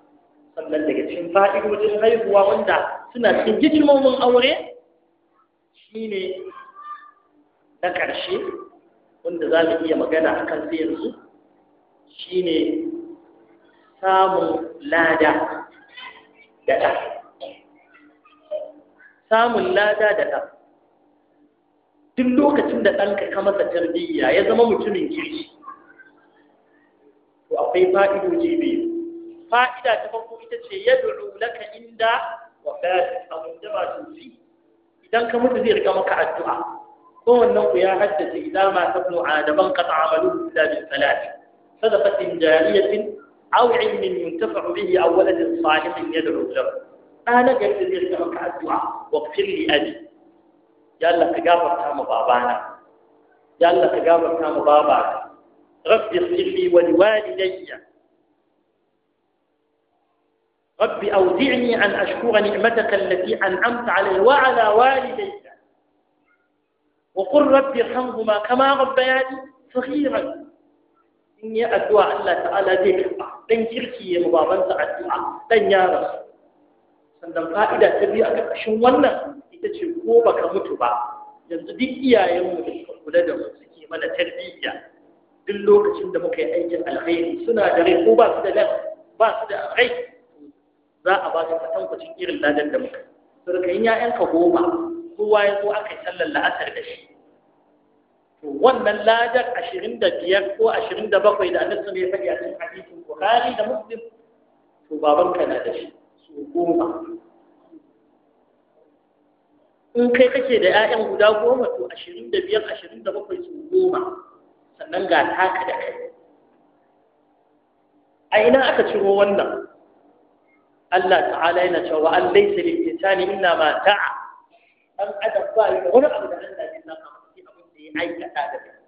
sannan daga cikin fa'idojin haihuwa wanda suna cikin hikimomin aure shine na ƙarshe wanda za mu iya magana a kan yanzu shine samun lada da ɗa samun lada da ɗa duk lokacin da ɗanka ka masa tarbiyya ya zama mutumin kirki to akwai fa'idoji biyu fa'ida ta farko ita ce yad'u laka inda wafatik abun da ba su fi idan ka mutu zai riga maka addu'a kowannen ku ya haddace idan ma tabnu adaban qata amalu illa bil salat sadaqatin jariyatin aw ilmin yuntafa'u bihi aw waladin salihin yad'u lahu ɗana gari zai riga maka addu'a waqfir li abi يلا تقابل كام بابانا يلا تقابل كام بابا ربي اغفر لي ولوالدي ربي اودعني ان اشكر نعمتك التي انعمت علي وعلى والديك وقل ربي ارحمهما كما ربياني صغيرا إني أدعو الله تعالى ذيك الله لن يركي مبابا سعى الدعاء لن يارس عندما فائدة تبيع كأشو والنفس ita ce ko baka mutu ba yanzu duk iyayenmu da suka kula da mu suke mana tarbiyya duk lokacin da muka yi aikin alheri suna da rai ko ba su da rai ba su da rai za a ba su kwatankwacin irin ladan da muka surkayin ya'yanka goma kowa ya zo aka yi sallar la'asar da shi To wannan ladar ashirin da biyar ko ashirin da bakwai da annabi ya faɗi a cikin hadisin bukhari da muslim to babanka na da shi su goma in kai kake da 'ya'yan guda goma to ashirin da biyar ashirin da bakwai su goma sannan ga taka da kai a ina aka ciro wannan Allah ta'ala yana cewa an laisa lil insani illa ma ta'a dan adam ba ya wani abu da Allah ya naka masa abin da ya aikata da kai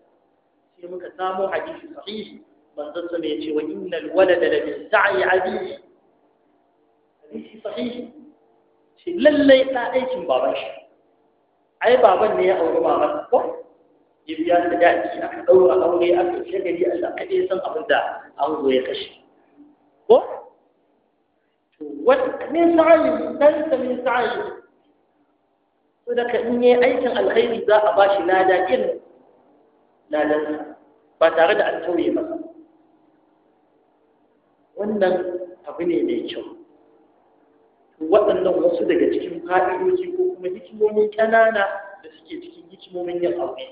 sai muka samu hadisi sahihi manzon sa ya ce wa innal walada la min sa'i abihi hadisi sahihi shi lallai ta aikin baban shi ai baban ne ya auri maman ko ya biya ta daki aka a aure aka shagari a sakaɗe san abin da an zo ya kashe ko to min sa'ayi dan ta min Ko to ka in yi aikin alkhairi za a ba shi lada irin ladansa ba tare da an tauye masa wannan abu ne mai kyau waɗannan wasu daga cikin fa'idoji ko kuma hikimomi ƙanana da suke cikin hikimomin yin aure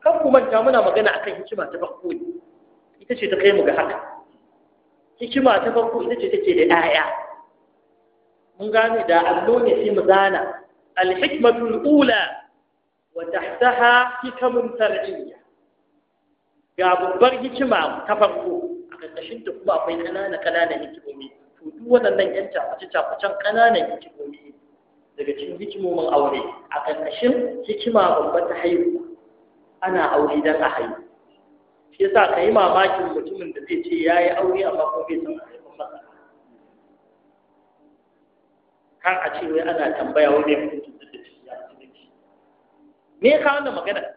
kan ku manta muna magana akan hikima ta farko ne ita ce ta kai mu ga haka hikima ta farko ita ce take da ɗaya mun gane da allo ne sai mu zana alhikmatul ula wa tahtaha hikamun tarjiya. ga babbar hikima ta farko a ƙarƙashin ta kuma akwai ƙanana ƙananan hikimomi to duk waɗannan ƴan cakuce-cakucen ƙananan hikimomi daga cikin hikimomin aure a ƙarƙashin hikima babba ta haihu ana aure don a haihu shi yasa ka yi mamakin mutumin da zai ce ya yi aure amma ko bai san haifin masa kan a ce wai ana tambaya wani ya mutu da shi ya ciki me ya kawo da magana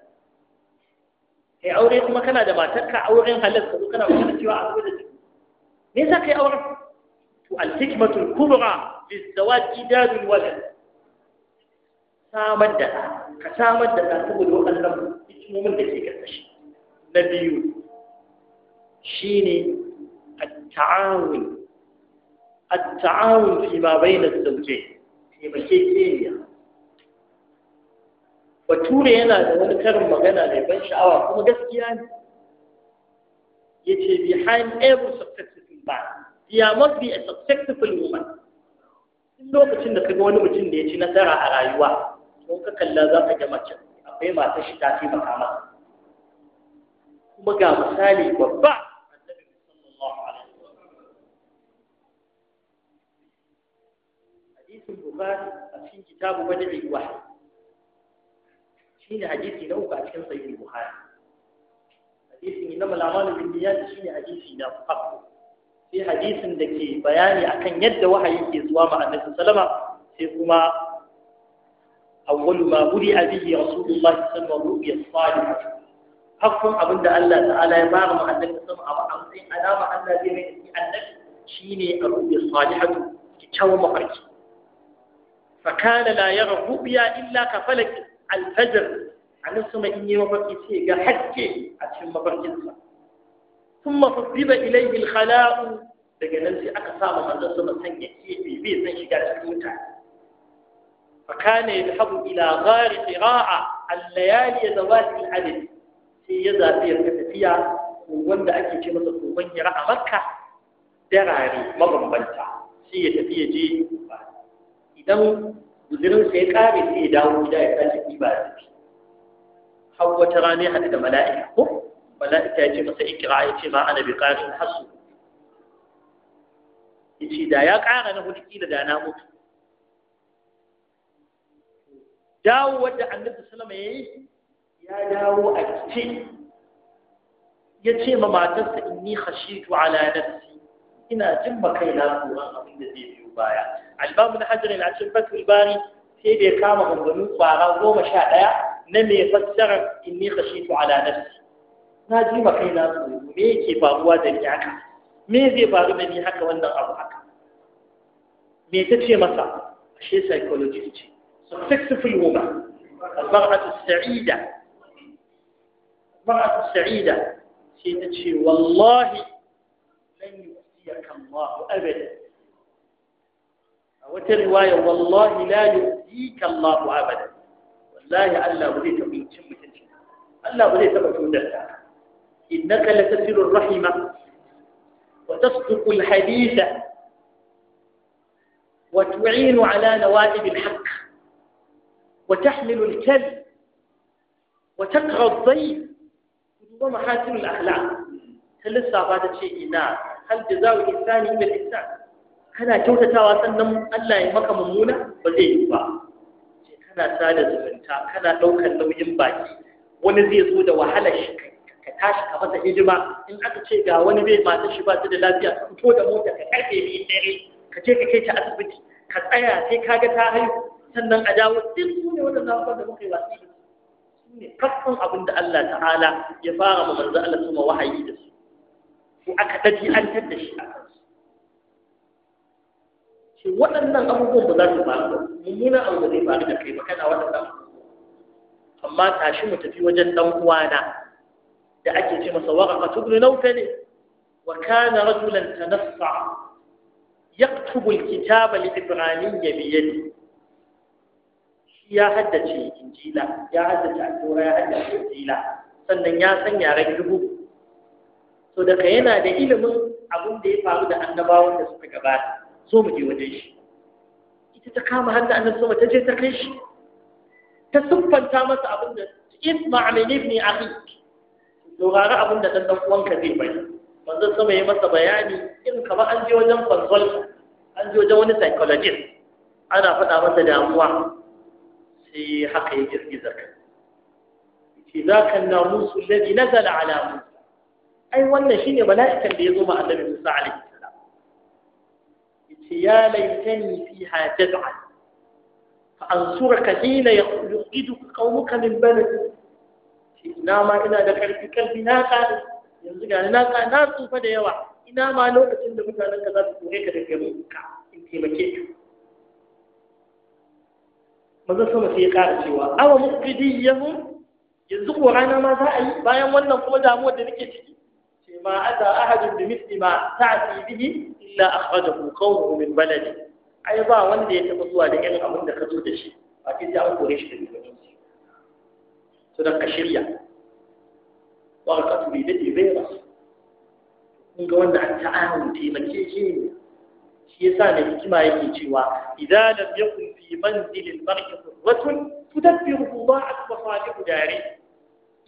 kai aure kuma kana da matarka auren halin ka zo kana magana cewa a zo da ciki me yasa kai auren الحكمة الكبرى في الزواج إيجاد الولد samar da ɗa ka samar da ɗa saboda waɗannan hikimomin da ke ƙarƙashi na biyu shi ne التعاون التعاون فيما بين الزوجين taimakekeniya bature yana da wani karin magana mai ban sha'awa kuma gaskiya ne ya ce behind every ya must be a successful woman lokacin da kaga wani mutum da ya ci nasara a rayuwa to ka kalla za ka ga mace akwai masu shi ta taimaka ma. kuma ga misali babba hadisin bukhari a cikin kitabu badri Shi shine hadisi na uku a cikin sahih bukhari hadisi na malaman bin shi shine hadisi na farko sai hadisin da ke bayani akan yadda wahayi ke zuwa ma annabi sai kuma awwalu ma buri abihi rasulullah sallallahu alaihi wasallam hakkun abinda Allah ta'ala ya fara ma annabi sallallahu alaihi alama Allah zai mai shi annabi shine ar-ru'ya salihatu kikkiawar mafarki fa kana la yara ru'ya illa ka falak al-fajr sama in yi mafarki sai ga hakke a cikin mafarkinsa ثم حبب إليه الخلاء daga nan sai aka sa ma manzon sama san ya kefe bai san shiga cikin mutane fa kana yadhabu ila ghar qira'a al-layali al-adad sai ya zabi ya tafiya wanda ake ce masa koban kira a makka darare mabambanta sai ya tafi ya je idan guzurin sai kare ya gida ya wata rana ya da mala'ika ko ولا إتاجي مطعيك رعيتي ما أنا بقاش حصو إنسي داياك عانا نهو لكيلة دانا موت داو ودع النبي صلى الله عليه وسلم إيه؟ يا داو أكتي ما مماتت إني خشيت على نفسي إنا جمع كينا قرآن من ذي بيوبايا عجبان من حجر العجر بكر الباري سيدي كامهم ونوفا روما شاعة نمي فسر إني خشيت على نفسي na ji ma kai na me yake faruwa da ni haka me zai faru da ni haka wannan abu haka me ta ce masa ashe psychologist ce successful woman المرأة السعيدة المرأة السعيدة سيدتي والله لن يؤذيك الله أبدا وترواية والله لا يؤذيك الله أبدا والله ألا أريد من Allah ألا أريد أن تمتك إنك لتسل الرحمة وتصدق الحديث وتعين على نوائب الحق وتحمل الكل وتقرأ الضيف وما محاسن الأخلاق هل لسه بعد شيء إنا هل جزاء الإنسان إلا الإنسان كنا كوتا تواصلنا أن ألا يمك ممونة وزيد يبا كنا سادة زمنتا كنا لوكا لو ينبعي ونزيز سودة وحلشك ka tashi ka masa hidima in aka ce ga wani bai mata shi ba ta da lafiya ka fito da mota ka karfe mai dare ka je ka kai ta asibiti ka tsaya sai ka ga ta haihu sannan a dawo duk su ne wannan abubuwan da muka yi wasu da su ne farkon abin da Allah ta'ala ya fara ma manzo Allah ma wahayi da su ko aka an da shi a kansu waɗannan abubuwan ba za su faru ba mummunan abu da zai faru da kai ba kana waɗannan amma tashi mu tafi wajen ɗan uwana da ake ce masa waraqatu ibn nawfal wa kana rajulan tanaffa yaktubu alkitaba li-ibraniyya bi yadi ya haddace injila ya haddace altura ya haddace injila sannan ya san yaren dubu to daga yana da ilimin abin da ya faru da annabawan da suka gabata so mu je wajen shi ita ta kama hannun annabi sama ta je ta kai shi ta siffanta masa abin da isma'il ibn akhi saurari abin da ɗan uwanka zai bari manzo sama yi masa bayani irin kamar an je wajen consultant an je wajen wani psychologist ana faɗa masa damuwa sai haka ya girgiza ka. ce za ka namusu lalli nazala ala musa ai wannan shine bala'ikan da ya zo ma annabi musa alaihi salam yace ya laitani fiha tad'a fa ansuraka hina yuqiduka qaumuka min baladi ina ma ina da karfi karfi na kare yanzu ga na ka na tsufa da yawa ina ma lokacin da mutanen ka za su kore ka da ka in taimake ka maza sama sai ya kara cewa awa yahu yanzu ko rana ma za a yi bayan wannan kuma damuwar da nake ciki ce ma ata ahadun bi misli ma ta'ti bihi illa akhrajahu qawmuhu min baladi ai ba wanda ya taba zuwa da irin abin da ka zo da shi ba sai an kore shi da gidansa sadaka shirya warqatu bi da bayras kun ga wanda an ta'awun taimake shi ne shi yasa ne hikima yake cewa idan lam yakun fi manzilil mar'i qurratun tudabbiru dha'at fadi dari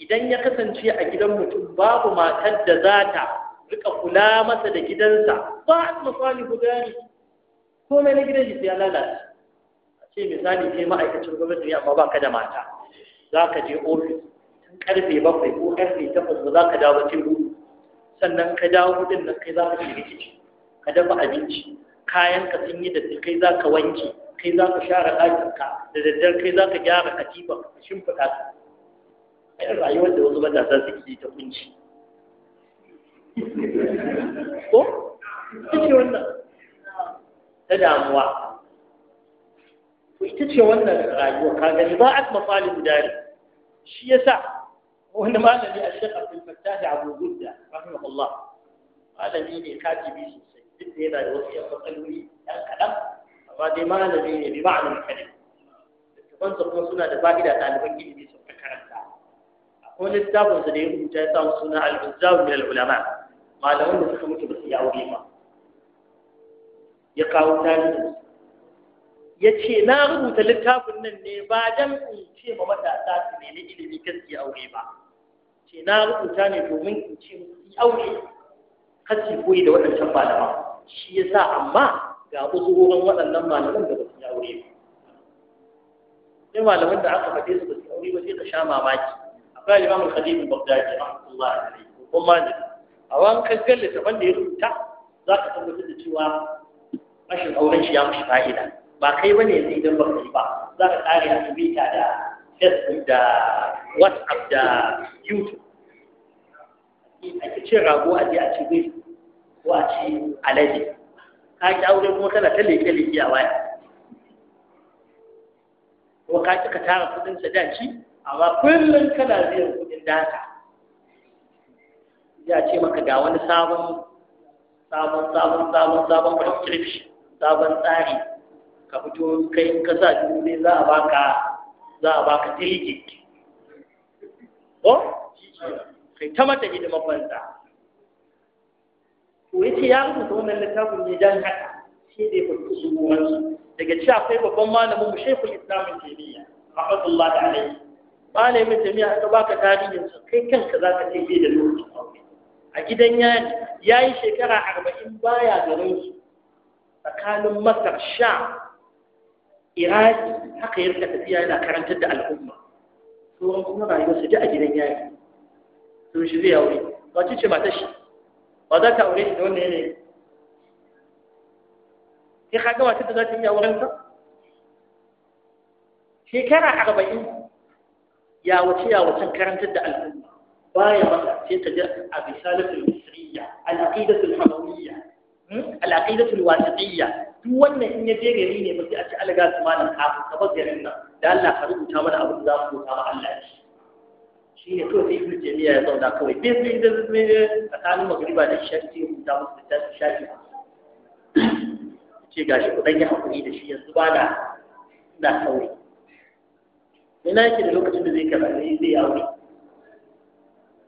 idan ya kasance a gidan mutum babu matar da za ta rika kula masa da gidansa dha'at masalih dari ko na gidan shi ya lalace a ce misali kai ma'aikacin gwamnati ne amma ka da mata za ka je ofis tun karfe bakwai ko karfe takwas ba za ka dawo cin hudu sannan ka dawo hudun nan kai za ka shiga kici ka dafa abinci kayan ka sun yi datti kai za ka wanke kai za ka share ɗakinka da daddare kai za ka gyara katifa ka shimfiɗa ta yin rayuwar da wasu matasa suke ta kunci ko ita ce wannan ta damuwa ita ce wannan rayuwa ka gani ba a mafali guda ne shi ya sa, wani malami a shekh abdul fattah abu da rahimahullah malami ne katibi sosai duk da yana da wasu yan matsaloli ɗan kaɗan amma dai malami ne bi ma'anar kaɗan littafansa kuma suna da fa'ida ɗaliban ilimi sun ka karanta akwai littafinsa da ya rubuta ya samu suna al-izzawu min al-ulama malaman da suka mutu ba su yi aure ba ya kawo tarihin ya ce na rubuta littafin nan ne ba don in ce ma matasa su nemi ilimi kan su aure ba ce na rubuta ne domin in ce mu su aure kan su koyi da waɗancan malama shi ya sa amma ga uzurorin waɗannan malaman da ba su aure ba sai malaman da aka faɗe su ba su aure ba sai ka sha mamaki akwai imamul khadim bagdadi rahmatullahi alaihi ko malik a wani kaggan littafin da ya rubuta za ka tabbatar da cewa rashin auren shi ya mashi fa'ida ba kai bane yanzu idan ba kai ba za ka kare a twitter da facebook da whatsapp da youtube ake ce rago a je a ci zai ko a ci alaji ka ki aure kuma kana ta leke leke a waya ko ka ki ka tara kudin ci amma kullum kana zai kudin data ya ce maka ga wani sabon sabon sabon sabon sabon prescription sabon tsari ka fito kai in ka sa jini ne za a baka za a baka tilikit ko kai ta mata hidimar banza to yace ya rubuta wannan littafin ne dan haka shi dai su tsuwan daga ci akwai babban malamin mu islamin Islam Taymiya rahmatullahi alayhi malamin jami'a aka baka tarihin su. kai kanka za ka bai da lokacin aure a gidan yari yayi shekara arba'in baya garin su tsakanin Masar Sha iraki haka ya rika tafiya yana karantar da al'umma sauran kuma rayuwarsa ji a gidan yaki sun shi zai aure ba ce mata shi ba za ta aure shi da wannan yanayi sai ka ga matar da za ta iya auren ta shekara arba'in ya wace ya wacen karantar da al'umma baya masa sai ta ga a bisalatul misriya al'aqidatul hamawiyya al'aqidatul wasiqiyya duk wannan in ya je gari ne ba sai a ce alaga su malam kafin ka bar garin nan da Allah ka rubuta mana abin da za mu rubuta ma Allah shi shine to sai ibnu jamiya ya zauna kawai bai sai da zai tsakanin magriba da shafi sai rubuta musu da shafi ce gashi kudan ya hakuri da shi yanzu ba na ina sauri na yake da lokacin da zai kaza ne zai aure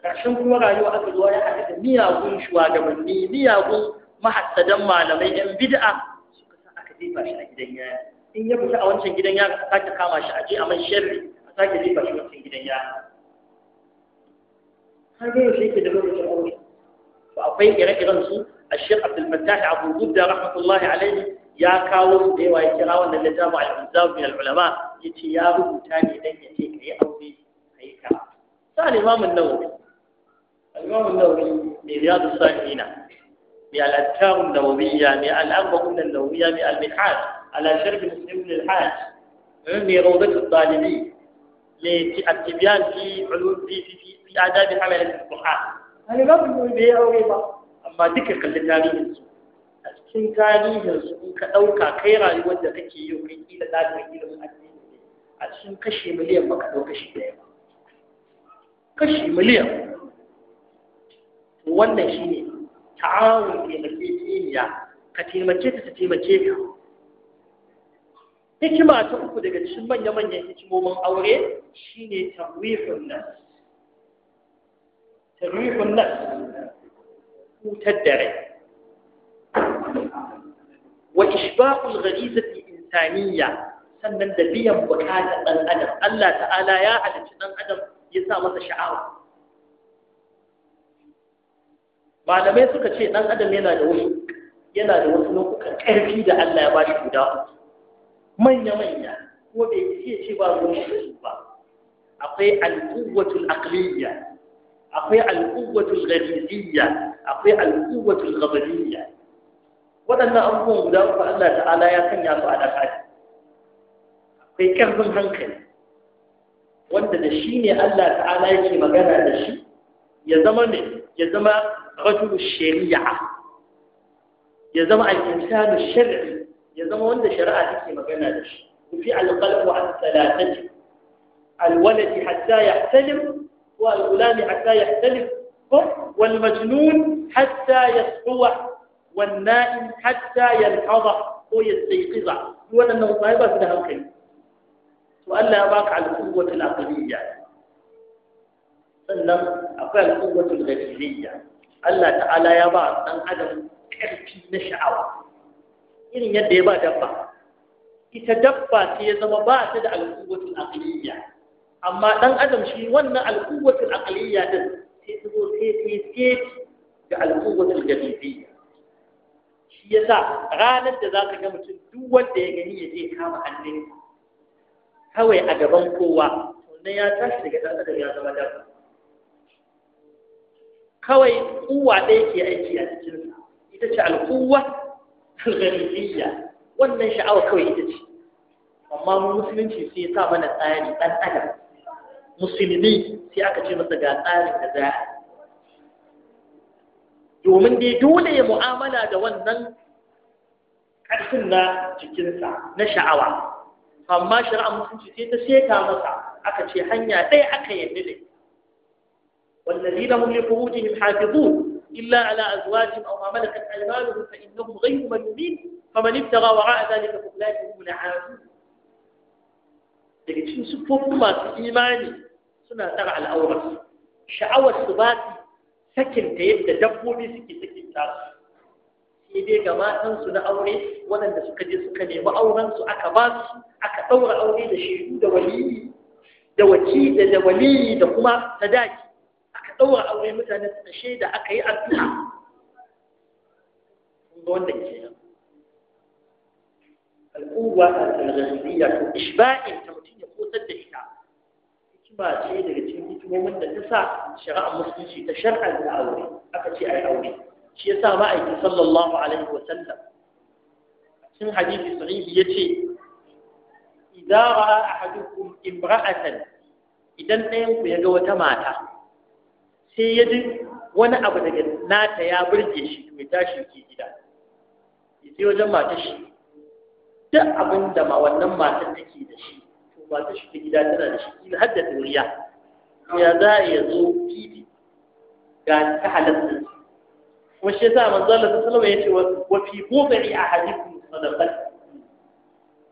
Ƙarshen kuma rayuwa aka zuwa ya haɗa da miyagun shugabanni miyagun mahasadan malamai yan bid'a jefa shi a gidan yaya in ya fita a wancan gidan yaya a sake kama shi a je a mai sharri a sake jefa shi wancan gidan yaya har dai yaushe yake da lokacin aure to akwai ire-iren su a shir abdulfattah abu gudda rahmatullahi alaihi ya kawo su da yawa ya kira wannan littafin al-inzab min al-ulama yace ya rubuta ne dan ya ce kai aure kai ka sai imam an-nawawi an-nawawi ne يعني من الأذكار النووية من الأنبوة النووية من المنحاج على شرب المسلم للحاج من روضة الظالمين للتبيان في علوم في في في, في آداب حملة القرآن أنا ما بقول بيها وريبا أما ذكر لتاريخ السوق cikin tarihinsu in ka ɗauka kai rayuwar da kake yi kai kila za ka yi ilimin addini ne a cikin kashe miliyan ba ka ɗau ta'awun taimakekeniya ka taimake ta ta taimake ka hikima ta uku daga cikin manya-manyan hikimomin aure shine tarwifin nan, tarwifin nan hutar da rai wa ishbaqul in insaniya sannan da biyan bukatar dan adam Allah ta'ala ya halicci dan adam ya sa masa sha'awa malamai suka ce ɗan adam yana da wasu yana da wasu lokutan ƙarfi da Allah ya ba shi guda uku manya-manya ko bai iya ce ba ruwan shi ba akwai al'uwatul aqliyya akwai al'uwatul ghalibiyya akwai al'uwatul ghabiyya waɗannan abubuwan guda uku Allah ta'ala ya sanya su a dakati akwai ƙarfin hankali wanda da shi ne Allah ta'ala yake magana da shi ya zama ne ya zama رجل الشريعة يزم الإنسان الشرعي يزم عند شرعة في ما هذا وفي على القلب وعلى الثلاثة الولد حتى يحتلم والغلام حتى يحتلم والمجنون حتى يسقوع والنائم حتى ينحضع هو يستيقظ يقول أنه ما في ذهب كلمة سؤال لا على القوة العقلية سلم أقل القوة الغريبية Allah ta'ala ya ba ɗan adam ƙarfi na sha'awa irin yadda ya ba dabba ita dabba ce ya zama ba ta da al'uwatul aqliya amma ɗan adam shi wannan al'uwatul aqliya din sai zo sai ta yi da al'uwatul jadidiyya shi yasa ranar da zaka ga mutum duk wanda ya gani ya je kama hannun kawai a gaban kowa wannan ya tashi daga ɗan adam ya zama dabba kawai kuwa ɗaya ke aiki a sa, ita ce al'uwa algharibiyya wannan sha'awa kawai ita ce amma mu musulunci sai ya sa mana tsari ɗan adam musulmi sai aka ce masa ga tsarin da za domin dai dole ya mu'amala da wannan ƙarfin na jikinsa na sha'awa amma shari'a musulunci sai ta seta masa aka ce hanya ɗaya aka yi ne. والذين هم لفروجهم حافظون إلا على أزواجهم أو ما ملكت أيمانهم فإنهم غير ملومين فمن ابتغى وراء ذلك فأولئك هم العادون daga cikin siffofin masu imani suna tsara al'aurarsu Sha'awarsu su ba su sakin ta yadda dabbobi suke sakin sai dai ga matansu na aure waɗanda suka je suka nemi aurensu aka ba su aka ɗaura aure da shaidu da waliyi da waci da da da kuma sadaki aka ɗaura aure mutane tashe da aka yi addu'a kun ga wannan kenan al'uwa al-ghazaliya to ishba'in ta mutum ya kosar da ita hikima ce daga cikin hikimomin da ta sa shari'ar musulunci ta shar'ar da aure aka ce a yi aure shi ya sa ma'aikin sallallahu alaihi wa sallam cikin hadisi sahihi yace idza ra'a ahadukum imra'atan idan ɗayan ku ya ga wata mata sai ya ji wani abu daga nata ya burge shi mai tashi ke gida ya je wajen mata shi duk abin da ma wannan matar take da shi to matar shi ta gida tana da shi ila har da doriya ya za a ya zo fili ga ta halatta kuma shi yasa manzo Allah sallallahu alaihi wasallam yace wa fi bughri ahadikum sadaqat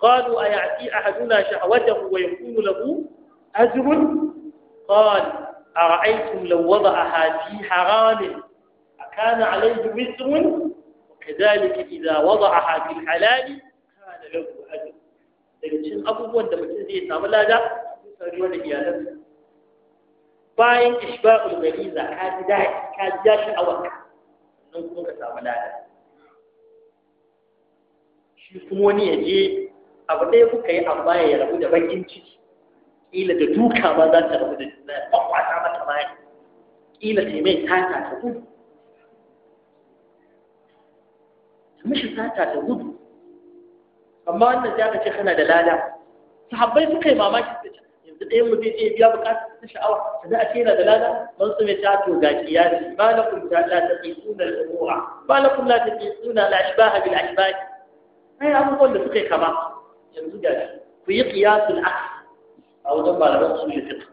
قالوا أيعتي أحدنا شهوته ويكون له أجر قال أرأيتم لو وضعها في حرام أكان عليه مثل وكذلك إذا وضعها في الحلال كان له أجر لكن أبو أنت ما تنزي إسامل هذا يقول لك يا لب باين إشباع المريضة كان داعي كان داعي أوك نقول إسامل هذا شوفوني يجي أبو ديبو كي أبايا يلبو دبا ينشي ƙila da duka ma za ta rabu da juna ya kwakwata mata bayan ƙila ta yi mai tata ta gudu ta mishi tata ta gudu amma wannan ya kace kana da lada sahabbai suka yi mamaki da yanzu ɗaya mu zai je biya bukatar ta sha'awa da a ce yana da lada man su mai tato ga kiyasi ba na kun ta la ta tsuna al-umura ba na kun la ta tsuna al-ashbaha bil ashbah ai abubuwan da suka yi kama yanzu ga ku yi qiyasul aks a wajen malaman usulul fiqh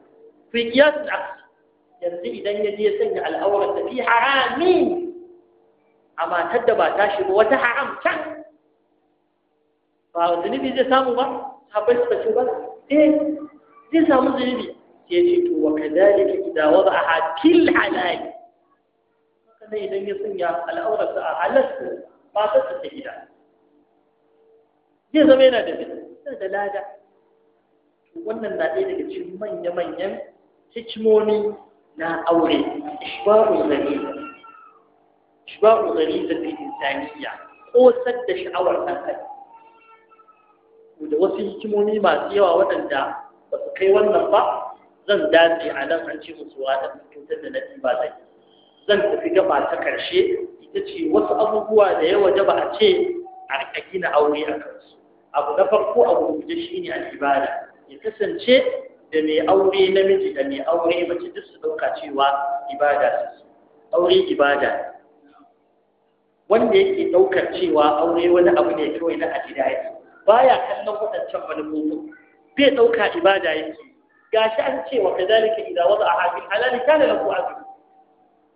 fi qiyas al-aqd yanzu idan ya ya sanya al'aurar da fi harami a matar da ba ta shigo wata haram ba zunubi zai samu ba sahabbai suka ce ba eh zai samu zunubi sai ce to wa kadalika idza wada'aha fil idan al'aurar gida zama yana da da lada wannan na ɗaya daga cikin manya-manyan hikimomi na aure ishbaru zari da zari da insaniya san da sha'awar ɗan da wasu hikimomi masu yawa waɗanda ba su kai wannan ba zan dace a nan an ce musu wa da ta da na ba zai zan tafi gaba ta karshe. ita ce wasu abubuwa da yawa da ba a ce a gina aure a kansu abu na farko abu guje a al'ibada ya kasance da mai aure namiji da mai aure mace duk su ɗauka cewa ibada su aure ibada wanda yake ɗaukar cewa aure wani abu ne kawai na ba baya kallon waɗancan manufofi bai ɗauka ibada yake gashi an ce wa kazalika idan wada a hafi halali kana ku azumi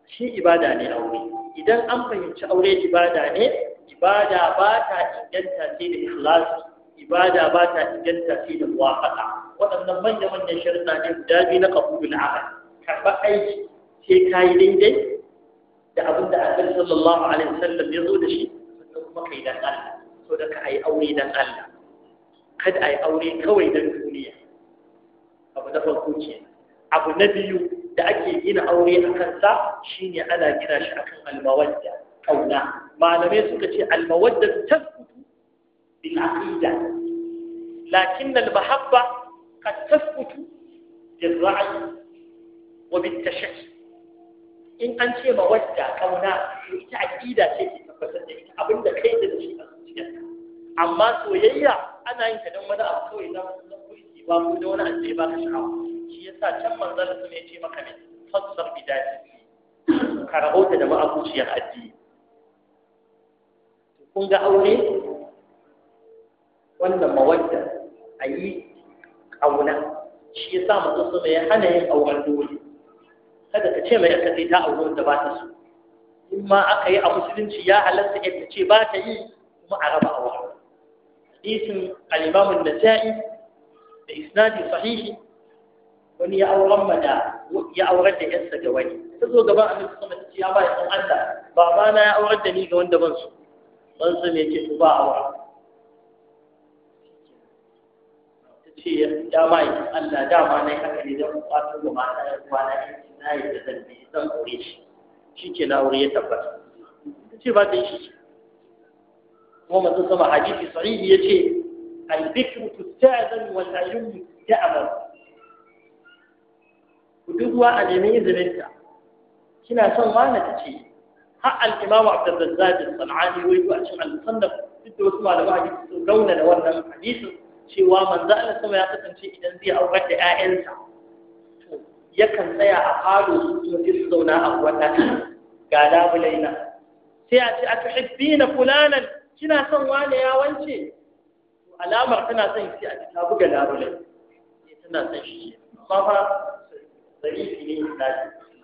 shi ibada ne aure idan an fahimci aure ibada ne ibada ba ta inganta sai da ikhlasi ibada ba ta inganta sai da muwafaqa waɗannan manyan manyan sharuɗa ne guda biyu na qabulul amal karɓar aiki sai ka yi daidai da abin da annabi sallallahu alaihi wasallam ya zo da shi sannan kuma kai dan Allah so da ka ai aure dan Allah kada ai aure kawai dan duniya abu na farko kenan abu na biyu da ake gina aure a kansa shine ana gina shi akan almawadda kauna malamai suka ce almawadda tas بالعقيدة لكن المحبة قد تثبت بالرعي وبالتشكي in an ce ma wadda kauna ita aƙida ce ke tabbatar ita abinda kai da shi a zuciyarka amma soyayya ana yin ta don wani abu kawai na kurki ba ko da wani abu ba ka sha'awa shi yasa can manzon Allah ne ce maka ne fassar bidati ka rahota da ma'abuciyar addini kun ga aure wannan mawadda a yi ƙauna shi ya sa mutum su mai hana yin auren dole kada ka ce mai aka sai ta auren da ba ta so in ma aka yi a musulunci ya halatta yadda ce ba ta yi kuma a raba auren hadisin al-imamun nasa'i da isnadi sahihi wani ya auren mata ya auren da yansa ga wani ta zo gaban annabi sama ta ce ya ba ya san Allah babana ya auren da ni ga wanda ban so ban so me ce to ba auren ce ya mai Allah dama nai haka ne don kwato ga mata ya kwana na yi da zan bi zan aure shi shi ke na ya tabbata ta ce ba ta yi shi kuma masu sama hadisi sahihi ya ce albikru tustazan wal a nemi izininta kina son wani ta ce har al-imamu abdul razzaq wai a cikin al-musannaf duk da wasu malamai hadisi sun da wannan hadisin cewa manzo Allah sama ya kasance idan zai aurar da ƴaƴansa to yakan tsaya a falo su to su zauna a wata ga labulaina sai a ce atuhibbina fulanan kina son wane ya wance alamar tana son shi a ta buga labulai eh, tana son shi amma fa zarifi ne da shi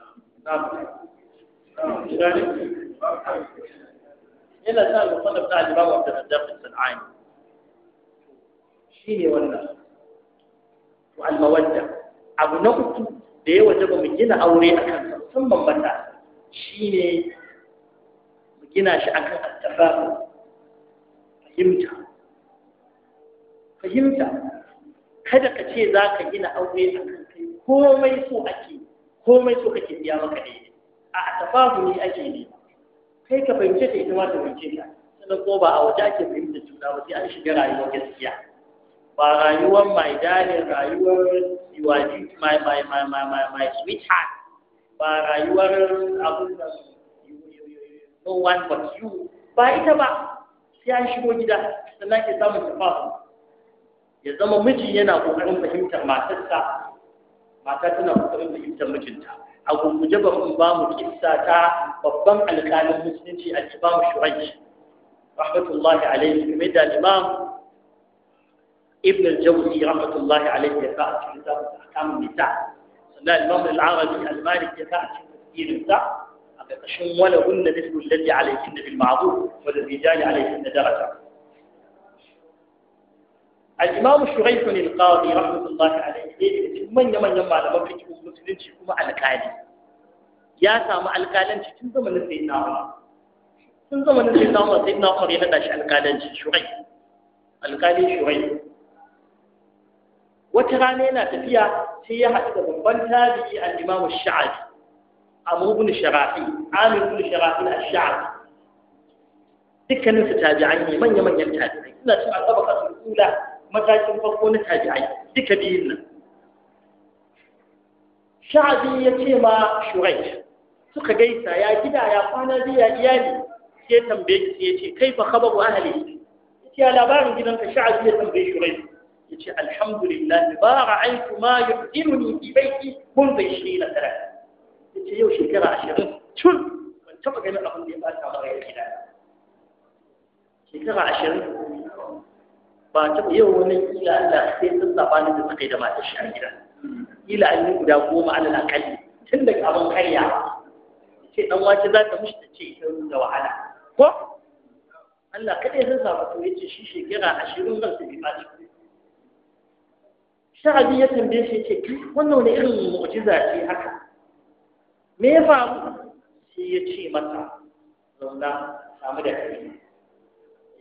yana sa musamman da alibawa da sadaqin sana'ani shi ne wannan to almawadda abu na uku da ya wajaba mu gina aure a kan musamman mata shi ne mu gina shi a kan fahimta fahimta kada ka ce za ka gina aure a kan kai komai so ake komai so kake biya maka daidai a attafafu ne ake ne kai ka fahimce ta ita ma ta fahimce ta sannan ko ba a waje ake fahimtar juna ba sai an shiga rayuwar gaskiya ba rayuwar mai darling rayuwar iwaji my my my my my my sweetheart ba rayuwar abun da no one but you ba ita ba sai an shigo gida sannan ke samun tafafu ya zama miji yana kokarin fahimtar matarsa mata tana kokarin fahimtar mijinta a gurguje ba in ba mu kissa ta babban alƙalin musulunci ba mu Shuraih rahmatullahi alaihi kuma da Imam ابن الجوزي رحمة الله عليه يفاء في كتاب أحكام النساء سنة الإمام العربي المالك يفاء في تفسير النساء أقشن ولهن مثل الذي عليهن بالمعروف والرجال عليهن درجة الإمام الشريف القاضي رحمة الله عليه من يمن يمن على مملكة المسلمين شكوما على كالي يا سامع الكالنج تنظم نسينا عمر تنظم نسينا عمر سيدنا عمر ينادى الكالنج شريف الكالي شريف wata rana yana tafiya sai ya haɗu da babban tabi'i al-Imam Ash-Sha'bi Amr ibn Sharafi Amir ibn Sharafi a shabi dukkanin su tabi'ai ne manya manyan tabi'ai suna cin asabaka sun kula matakin farko na tabi'ai duka biyun nan Sha'bi ya ce ma shurai suka gaisa ya gida ya kwana biya iyali sai tambaye shi ya ce kai fa khabaru ahli ya labarin gidanka Sha'bi ya tambaye shurai. الحمد لله ما رأيت ما يحزنني في بيتي منذ عشرين سنة يجي يو شكرا عشرين شل من تبقى من إلى أن لا خير على الأقل تندك أبو خريعة شيء نواجه ذات مشتشي تنزل وعلا sha'abi ya tambaye shi ce kai wannan wani irin mu'jiza ce haka me ya faru sai ya ce mata zauna samu da kai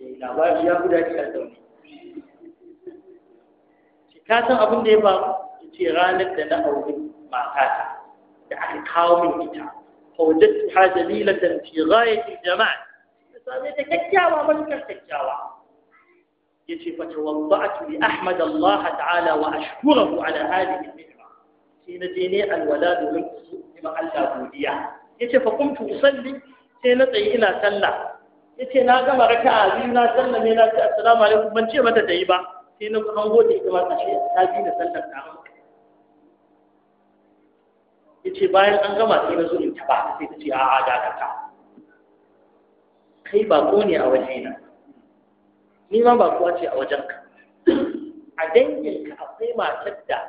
eh, labari ya guda ce a zaune ka san abin da ya faru ya ce ranar da na auri matata da aka kawo min ita fawajat ta dalilatan fi ghayati jama'a same ta kyakkyawa matukar kyakkyawa yace fa tawadda'tu li ahmad Allah ta'ala wa ashkurahu ala hadhihi al-ni'ma sai na je ne alwala domin ni ma Allah godiya yace fa kuntu usalli sai na tsayi ina sallah yace na gama raka'a biyu na sallah ne na ce assalamu alaikum ban ce mata tayi ba sai na an gode ita ma kashe ta bi da sallar ta yace bayan an gama sai na zo in taba sai ta ce a'a da ka kai ba ko ne a wajena ni ma ba kuwa ce a wajenka a danginka akwai matar da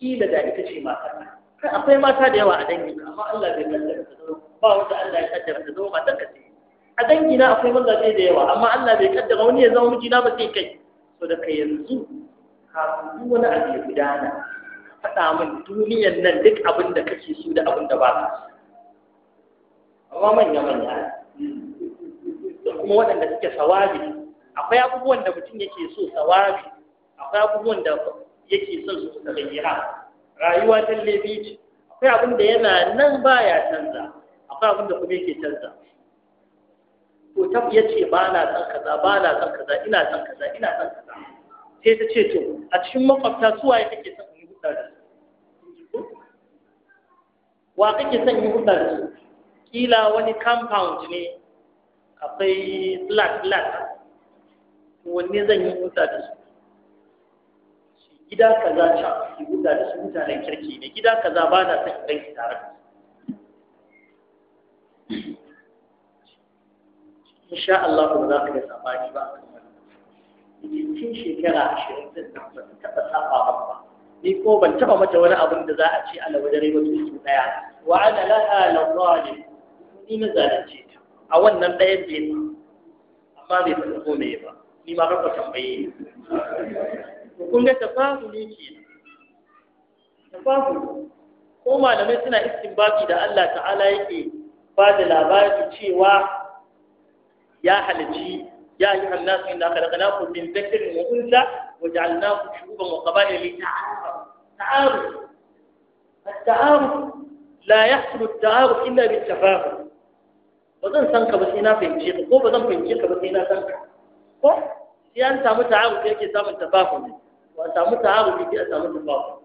kila da ita ce matar kai akwai mata da yawa a danginka amma Allah bai kaddara ta zo ba wanda Allah ya kaddara ta zama matar ka ce a dangina akwai mazaje da yawa amma Allah bai kaddara wani ya zama mijina ba sai kai To da kai yanzu ka duk wani abu ya gudana ka faɗa min duniyan nan duk abin da kake so da abin da ba ka so amma manya manya da kuma waɗanda suke sawabi akwai abubuwan da mutum yake so tsawari akwai abubuwan da yake son su suka gayyara rayuwa ta lebici akwai abin da yana nan baya canza akwai abin da kuma yake canza to ta ya ce ba na san kaza ba na san kaza ina san kaza ina san kaza sai ta ce to a cikin makwabta suwa ya kake son yi hudar da su wa kake son yi hudar da su kila wani compound ne akwai flat flat wanne zan yi huta da su gida kaza can ki huta da su mutanen kirki ne gida kaza ba na son in ki tare da su insha Allah ba za ka ga sabani ba cikin shekara ashirin da ba ta taɓa saba ba ba ni ko ban taɓa mata wani abin da za a ce ala wajen rai wasu su ɗaya wa ana laha ne? ni na zalunce ta a wannan ɗayan bai amma bai fi ko ba ni ma ka tambaye ni kun ga tafahuli ke tafahuli ko malamai suna baki da Allah ta'ala yake ba da labari cewa ya halici ya yi hannasu inda aka daga naku zakirin wa unza wa ja'alnaku shuban wa qaba'il li ta'aruf التعارف لا يحصل التعارف إلا بالتفاهم وزن سنك Ba zan الجيق ka ba sai na بسينا سنك ko sai an samu ta'arufi yake samun ne. ba a samu ta'arufi sai an samu tafafu,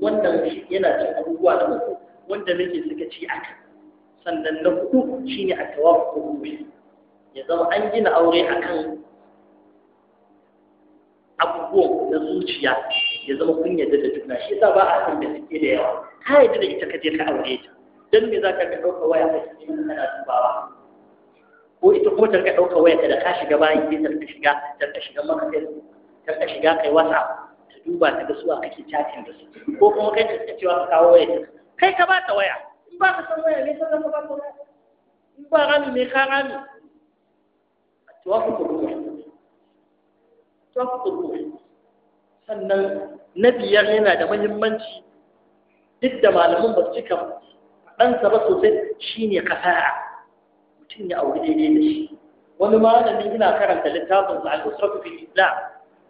wannan shi yana cin abubuwa da uku wanda nake suka ci aka sannan na hudu shine a tawafu ruhi ya zama an gina aure akan abubuwan na zuciya ya zama kun yadda da juna shi yasa ba a san da suke da yawa ka yadda da ita kaje ka aure ta dan me zaka ka dauka waya ka ci kana dubawa ko ita ko ta ɗauka waya da ka shiga bayan sai ta shiga ta shiga maka sai ta shiga kai wasa ta duba ta ga suwa kake chatting da su ko kuma kai ta cewa ka kawo waya kai ka ba ta waya in ba ka san waya ne sai ka ba ta waya in ba rami me ka rami ku to ku ku sannan na biyar yana da muhimmanci duk da malamin ba su cika ɗansa ba sosai shine kafara mutum ya auri daidai da shi wani malami ina karanta littafin sa al-usratu fil islam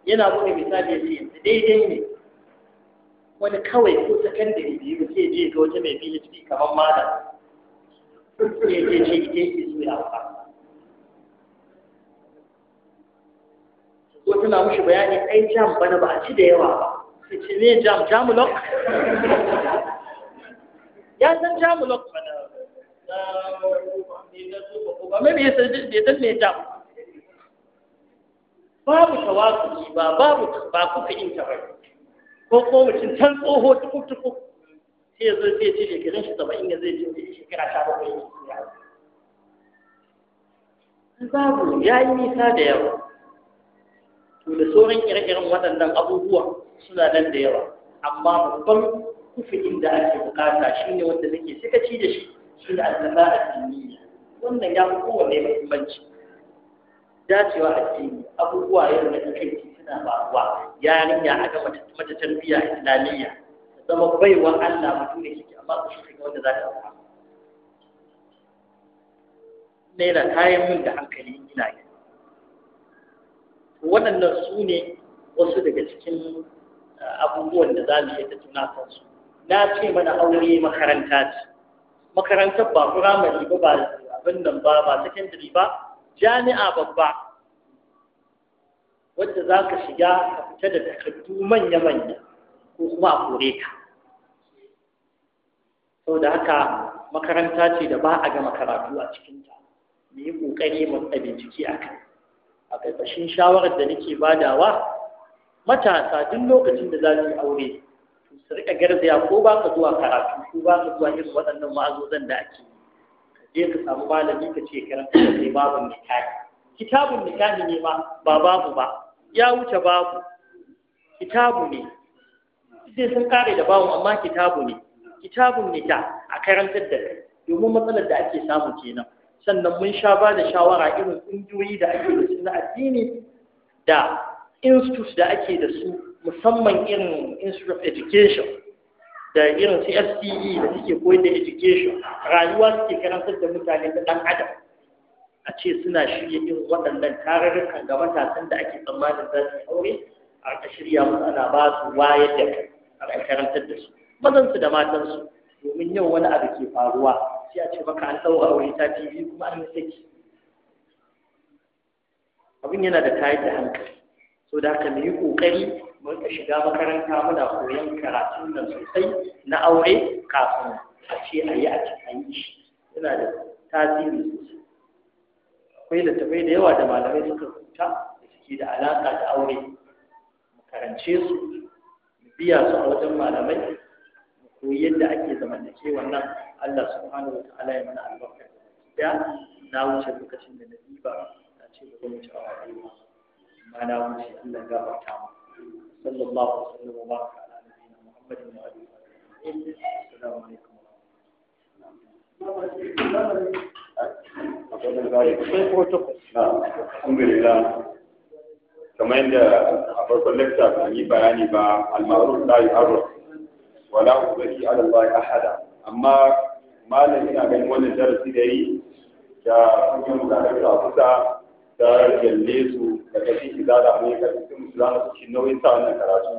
yana buga misali yace yanzu daidai ne wani kawai ko sakandare biyu sai je ga wata mai PhD kamar malam sai je ce ita ke so ya aura ko tana mushi bayani ai jam bana ba a ci da yawa ba sai ce ne jam jamulok *laughs* ya san jamulok bana ba mai bai san me ta babu tawakkuli ba babu ba kuka yin ta ba. ko ko mutum tan tsoho tukuk tukuk sai ya zo sai ya ce shekarun shi saba'in ya zai ce shekara ta bakwai ne babu ya yi nisa da yawa to da sauran ire-iren waɗannan abubuwa suna nan da yawa amma babban kufin da ake bukata shine wanda nake sakaci da shi shi da al-naba'a wannan ya fi kowanne muhimmanci dacewa addini abubuwa yau na kai suna faruwa yarinya a ga mata tarbiyya islamiyya da zama baiwa Allah mutum ne shi amma su shi wanda za ta zama naira kayan min da hankali ina yi waɗannan su ne wasu daga cikin abubuwan da za mu iya tattuna kansu na ce mana aure makaranta ce makarantar ba firamare ba ba abin nan ba ba secondary ba jami'a babba wadda za ka shiga ka fita da takardu manya-manya ko kuma a kore ka sau da haka makaranta ce da ba a gama karatu a cikinta mu yi ƙoƙari mu bincike a kai a ƙarƙashin shawarar da nake badawa matasa duk lokacin da za su yi aure su riƙa garzaya ko ba ka zuwa karatu ko ba ka zuwa irin waɗannan ma'azozan da ake je ka samu malami ka ce karanta ne kai nikahi kitabun nikahi ne ma ba babu ba ya wuce babu kitabu ne sai sun kare da babu amma kitabu ne kitabun nika a karantar da kai domin matsalar da ake samu kenan sannan mun sha ba da shawara irin ƙungiyoyi da ake da su na addini da institutes da ake da su musamman irin institute of education da irin CSTE da suke koyar da education rayuwa suke karantar da mutane da ɗan adam a ce suna shirya irin waɗannan tarurrukan ga matasan da ake tsammanin za su aure a shirya musu ana ba su wayar da kai a karantar da su mazansu da matansu domin yau wani abu ke faruwa sai a ce maka an ɗaura aure ta TV kuma an saki abin yana da tayar da hankali so da haka mu yi ƙoƙari mun ka shiga makaranta muna koyon karatun nan sosai na aure kafin a ce a yi a cikin shi yana da tasiri sosai akwai littattafai da yawa da malamai suka rubuta da suke da alaƙa da aure mu karance su mu biya su a wajen malamai mu koyi yadda ake zamantake wannan. Allah subhanahu wa ta'ala ya mana albarka ya na wuce lokacin da na diba na ce da gwamnati wuce awa biyu amma na wuce Allah ya gafarta mu صلى الله وسلم وبارك على نبينا محمد وعلى اله وصحبه وسلم السلام عليكم ورحمة الله الحمد لله كما عند أبو بلكت أني بياني با المعروف لا يعرف ولا أبدي على الله أحدا أما ما لنا من وين جرت لي جا سجن بلكت أبو ta gyalle su da kashi izala ne ka cikin su za mu nauyin sa wannan karatu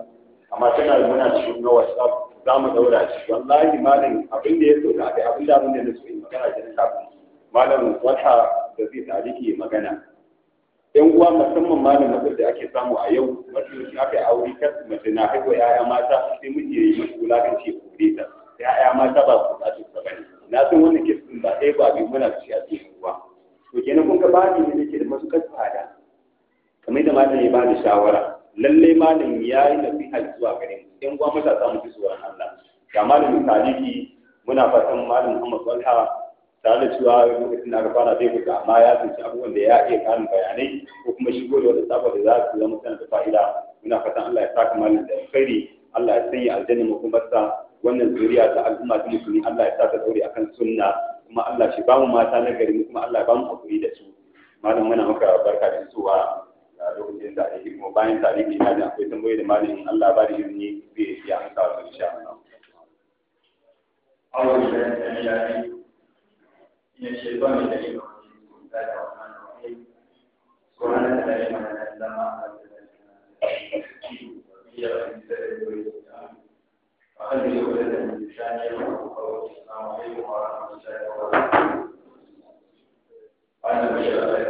amma tana da muna cikin na whatsapp za mu daura shi wallahi malam abin da ya so da abin da abin da na so magana da na kafin malam wata da zai tariki magana yan uwa musamman malam matsar da ake samu a yau matsaloci yau yi aure kan mace na haihuwa ya'ya mata sai miji ya yi masa wulakanci ya kore ta ya'ya mata ba su ba su ba ne na san wannan kesin ba ɗaya ba biyu muna cikin malam yi ba da shawara lallai malam ya yi na zuwa gare mu yan uwa matasa mu zuwa tsoron Allah ga malamin taliki muna fatan malam Muhammad walha tare da cewa lokacin da aka fara zai fita amma ya tsinci abubuwan da ya iya karin bayanai ko kuma shigo da wata tsafa da za su zama sana da fa'ida muna fatan Allah ya sa malam da alkhairi Allah ya sanya aljanna sa wannan zuriya ta al'umma ta musulmi Allah ya sa ta daure akan sunna kuma Allah shi ba mu mata na gari kuma Allah ya ba mu hakuri da su malam muna maka barka da zuwa. karo jin da ake kuma bayan tarihi na da akwai tambayi da malin Allah bari yin ni bi ya ya ta wasu insha Allah awu da yan yayi ne ce ba ni da shi ta da wannan ne ko an da da shi ma da ma ta da shi ya ya da yi ta fa an yi wa da shi sha ne ko ko na wai ko ma sha ko an da shi ya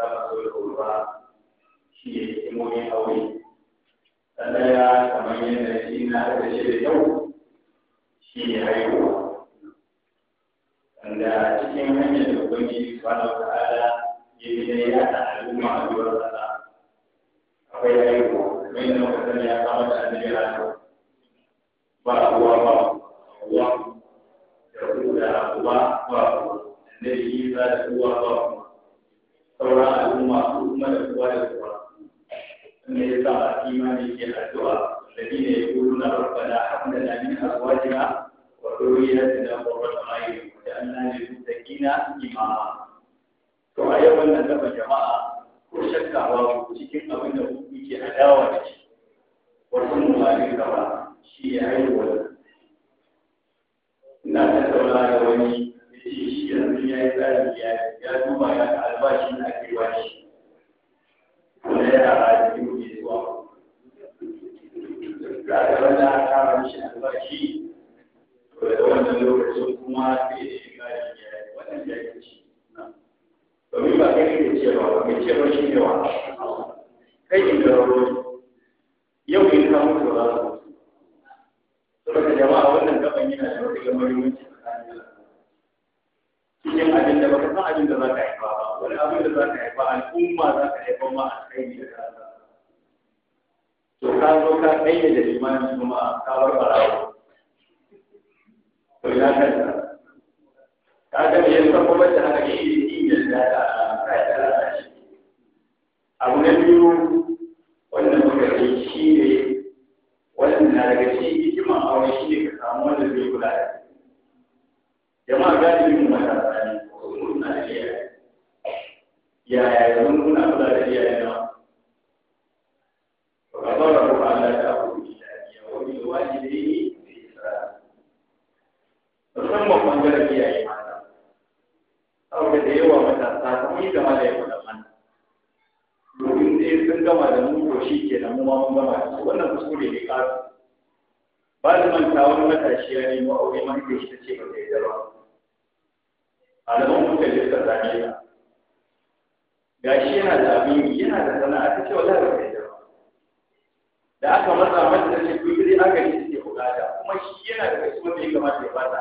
za mu so da ruwa shi ne hikimomin aure sannan ya kamar yadda shi na da shi da yau shi ne haihuwa wanda cikin hanyar da ubangiji subhanahu wa ta'ala ya bi da ya ta al'umma a duwar sana akwai haihuwa kamar yadda sani ya kama da annabi ba ruwa ba ruwa da ruwa ba ruwa annabi isa da ruwa ba ruwa sauran al'umma ko kuma da kowa da kowa sannan ya sa da ke addu'a ni ne ya kuru na rabbana hamda na min azwajina wa dhurriyyatina qurrata a'yun waj'alna lil muttaqina imama to a yau wannan dafa jama'a ko shakka babu cikin abin da muke adawa da shi wasu mutane gaba shi ya haihuwa Na ta da wani da mutum ya yi tsarin iyali ya duba ya albashin da ake ba shi wanda ya zuwa da aka bada a albashi to da wannan lokacin kuma sai da shiga wannan ya yi ci domin ba kai ne ce ba mai ce ba shi kai ne da yau su saboda jama'a wannan gaban yana da wata gamar yawanci tsakanin cikin abin da baka san abin da za ka haifa ba wani abin da za ka haifa al'umma za ka haifa ma ne da kaza to ka zo ka da limani kuma ka barbara wa to ya kanta ka ga me yasa kuma da haka ke yi da da ka da shi abu na biyu wannan muka yi shi ne wannan na daga cikin hikima aure shi ne ka samu wanda zai kula da jama'a galibin matasa yaya yanzu muna kula da iyayen nan ba ba da ko Allah ta ku ya wani walidai da Isra'ila musamman bangaren iyaye mata saboda da yawa matasa sun yi gama da yawa da mana domin sai sun gama da mu to shi ke nan mu ma mun gama da su wannan kuskure ne ƙaru ba da manta wani matashi ya nemo aure mahaifiyar shi ta ce ba ta da ba malaman mutane suka same ta gashi yana da abin yana da sana'a ta ce wallahi ba kai da aka matsa mata da ce kuri aka yi take bukata kuma shi yana da kashi wanda ya kamata ya bata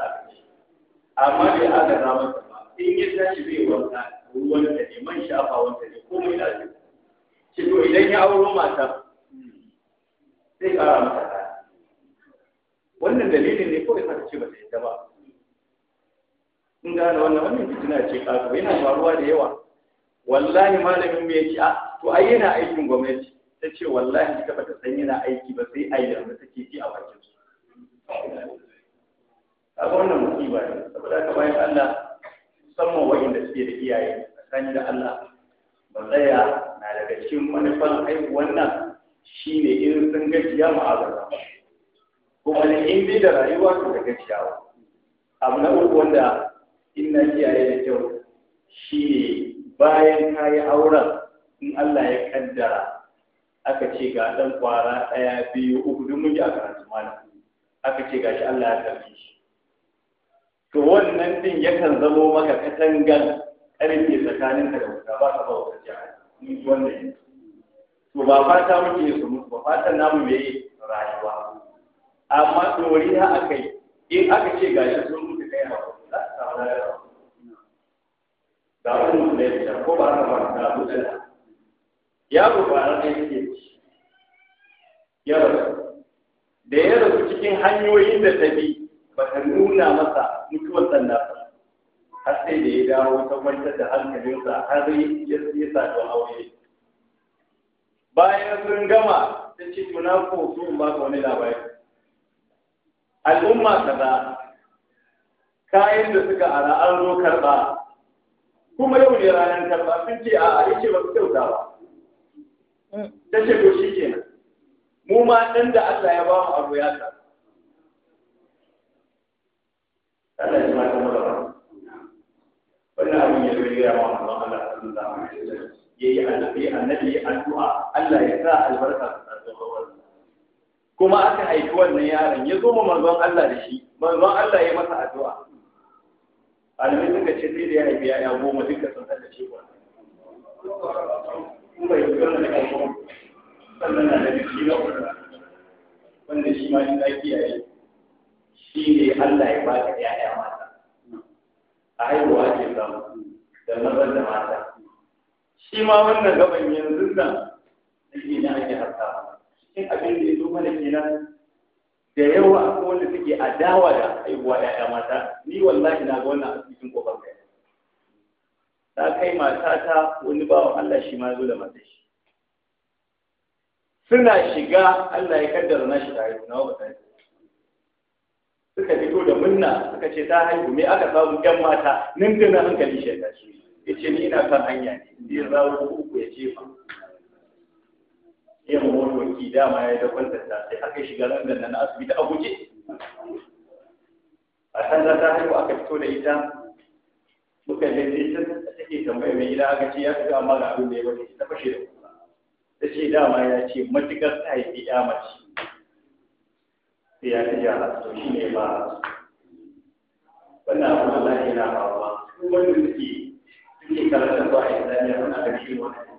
abinci amma bai aka za mata ba in ya tashi zai wanka ruwan da ne man shafa wanda ne ko mai shi ce to idan ya auro mata zai kara mata kaya wannan dalilin ne kawai ka ce ba ta yadda ba in gane wannan wannan fitina ce kato yana faruwa da yawa wallahi malamin mu ci a to ai yana aikin gwamnati ta ce wallahi ba ta san yana aiki ba sai ai da take ci a bakin su a wannan musiba ne saboda ka bayan Allah musamman wa'inda suke da iyaye tsakani da Allah ba tsaya na daga cikin manufan wannan. Shi ne irin sun gajiya ma'azara kuma ne in bi da rayuwa su da gajiyawa abu na uku wanda in na da kyau shi ne. bayan ka yi auren in Allah ya kaddara aka ce ga ɗan kwara ɗaya biyu uku duk mun ji a karatu malam aka ce gashi Allah ya karbi shi to wannan din yakan zamo maka katangan ƙarfe tsakanin ka da wuta ba ka ba wuta jihar mun ji wannan yanzu to ba fata muke su mutu ba fatan namu me rayuwa amma doriya akai in aka ce gashi sun mutu kai ba za su samu rayuwa ga wani musulmai da ko ba ka da ga da. ya bu ba ran da yake ya rasu da ya rasu cikin hanyoyin da ta bi ba ta nuna masa mutuwar sanda ba har sai da ya dawo ta kwantar da hankalinsa har ya sa sadu aure bayan sun gama ta ce tuna ko su ba ka wani labari al'umma kaza kayan da suka ara an zo karɓa kuma yau ne ranar karba sun ce a a yake ba su kyauta ba ta ce ko shi ke nan. mu ma ɗan da Allah ya ba mu abu ya ta Allah ya ma ta mura wannan abin ya zai gaya wa manzon Allah sallallahu alaihi ya yi annabi annabi addu'a Allah ya sa albarka ta tsaro kuma aka haifi wannan yaron ya zo ma manzon Allah da shi manzon Allah ya masa addu'a malamai suka ce sai da ya haifi ya'ya goma duka sun haɗa ce ba kun bai yi wannan da kuma sannan na da biki na kuma wanda shi ma shi ta kiyaye shi ne Allah ya ba ka ya'ya mata a haihuwa ce samu da mazan da mata shi ma wannan gaban yanzu nan da ke na ake harka cikin abin da ya zo mana kenan da yawa akwai wanda suke adawa da haihuwa ya'ya mata ni wallahi na ga wannan asibitin kofar kai ta kai mata ta wani bawan Allah shi ma zo da mata shi suna shiga Allah ya kaddara na shi tare na wa suka fito da munna suka ce ta haihu me aka samu yan mata nan da hankali shi ya tashi ce ni ina kan hanya ne zai zawo uku ya jefa ya ma wani wanki dama ya dakon tatta sai aka shiga rangan nan asibiti a guje a can ta haihu aka fito da ita muka yi da ita take tambaya mai gida aka ce ya fi amma ga abin da ya bata ta fashe da kuma ta ce dama ya ce matukar ta haifi ya mace sai ya fi jara to shi ne ba wannan abin da na yana faruwa wanda ke suke karantar ba a islamiyya suna da shi wannan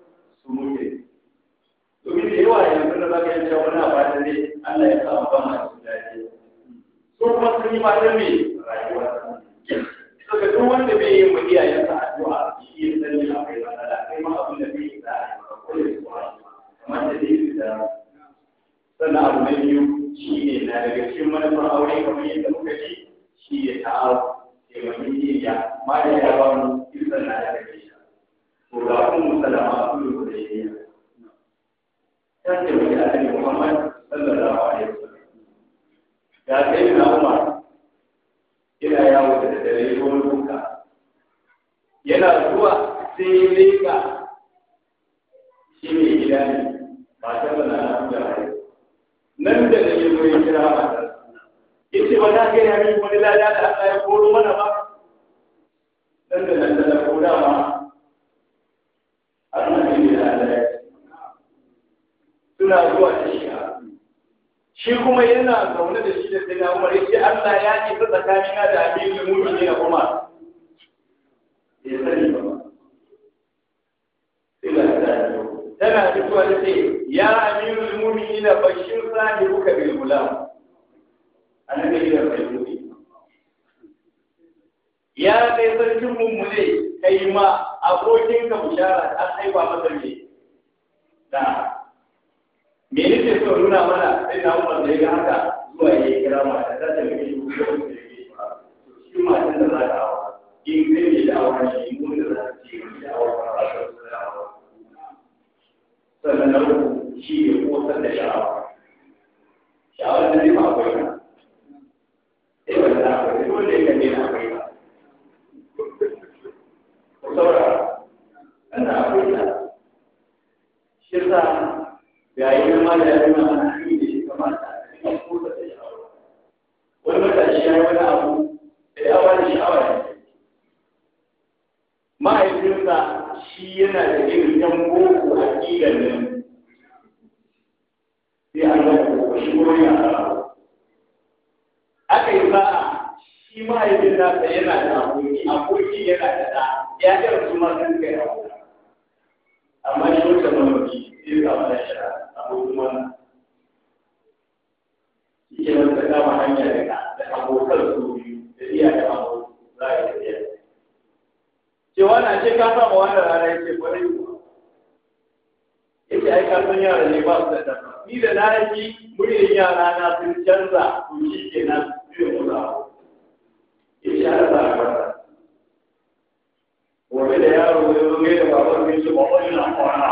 su muke domin da yawa yanzu da zaka yi cewa muna fatan ne Allah ya samu ba mu cikin daɗi su kuma sun yi fatan me rayuwa saboda duk wanda bai yi mu iyayensa addu'a shi ya sani akwai matsala kai ma abin da bai yi za a yi ko ya zuwa kamar da dai da sannan abu na biyu shi ne na daga cikin manufar aure kamar yadda muka ci shi ne ta'awu taimaki iya ma da ya ba mu isan na daga cikin to ga ummu salama su yi da shi ta ce mai annabi Muhammad sallallahu alaihi wasallam ga sai na Umar yana yawo da dare ko yana zuwa sai shi ba ta bana da nan da ne ya kira ba yace ba ta ga yana wani lada da Allah ya koro mana ba dan da nan da ko ma suna zuwa da shi shi kuma yana zaune da shi da sai na umar yace Allah ya ce ta tsakanina da amirul da kuma bai sani ba ila tana fitowa ta ce ya amirul mu'minin bashir sahibuka bil gulam annabi ya rubuta ya kai sarkin mummune kai ma abokinka bishara an haifa masa ne da me yake so nuna mana sai na umar da ya haka zuwa ya kira mata ta ta miki shi ko ta yi ba shi mata da za ta hawa in kai ne da hawa shi ko da za ta ci da hawa ba za ta so da hawa sannan na uku shi ne kosar da sha'awa sha'awar da zai ba akwai ba? sai ba da akwai dole ka ne na akwai ba. Ko saurara ana akwai ka shi sa. ga yi girma da da shi a cikin wani ya yi wani abu shi yana da a nan sai ko shi ko aka yi ba shi mahaifin nasa yana da aboki aboki yana da ɗa ya ɗan su ma sun kai amma shi wata mamaki sai ka mana shara ko kuma shi kama hanya daga da abokan su biyu da iyayen abokan za a yi tafiya cewa na ce ka sama wannan rana ya ce kwarai kuwa ya ai ka san yara ne ba su da tafa ni da na yi muryar yara na sun canza to shi ke nan zai mula ya ce ana a barka gobe da yaro ya zo gaida baban mai ce ba wani na kwana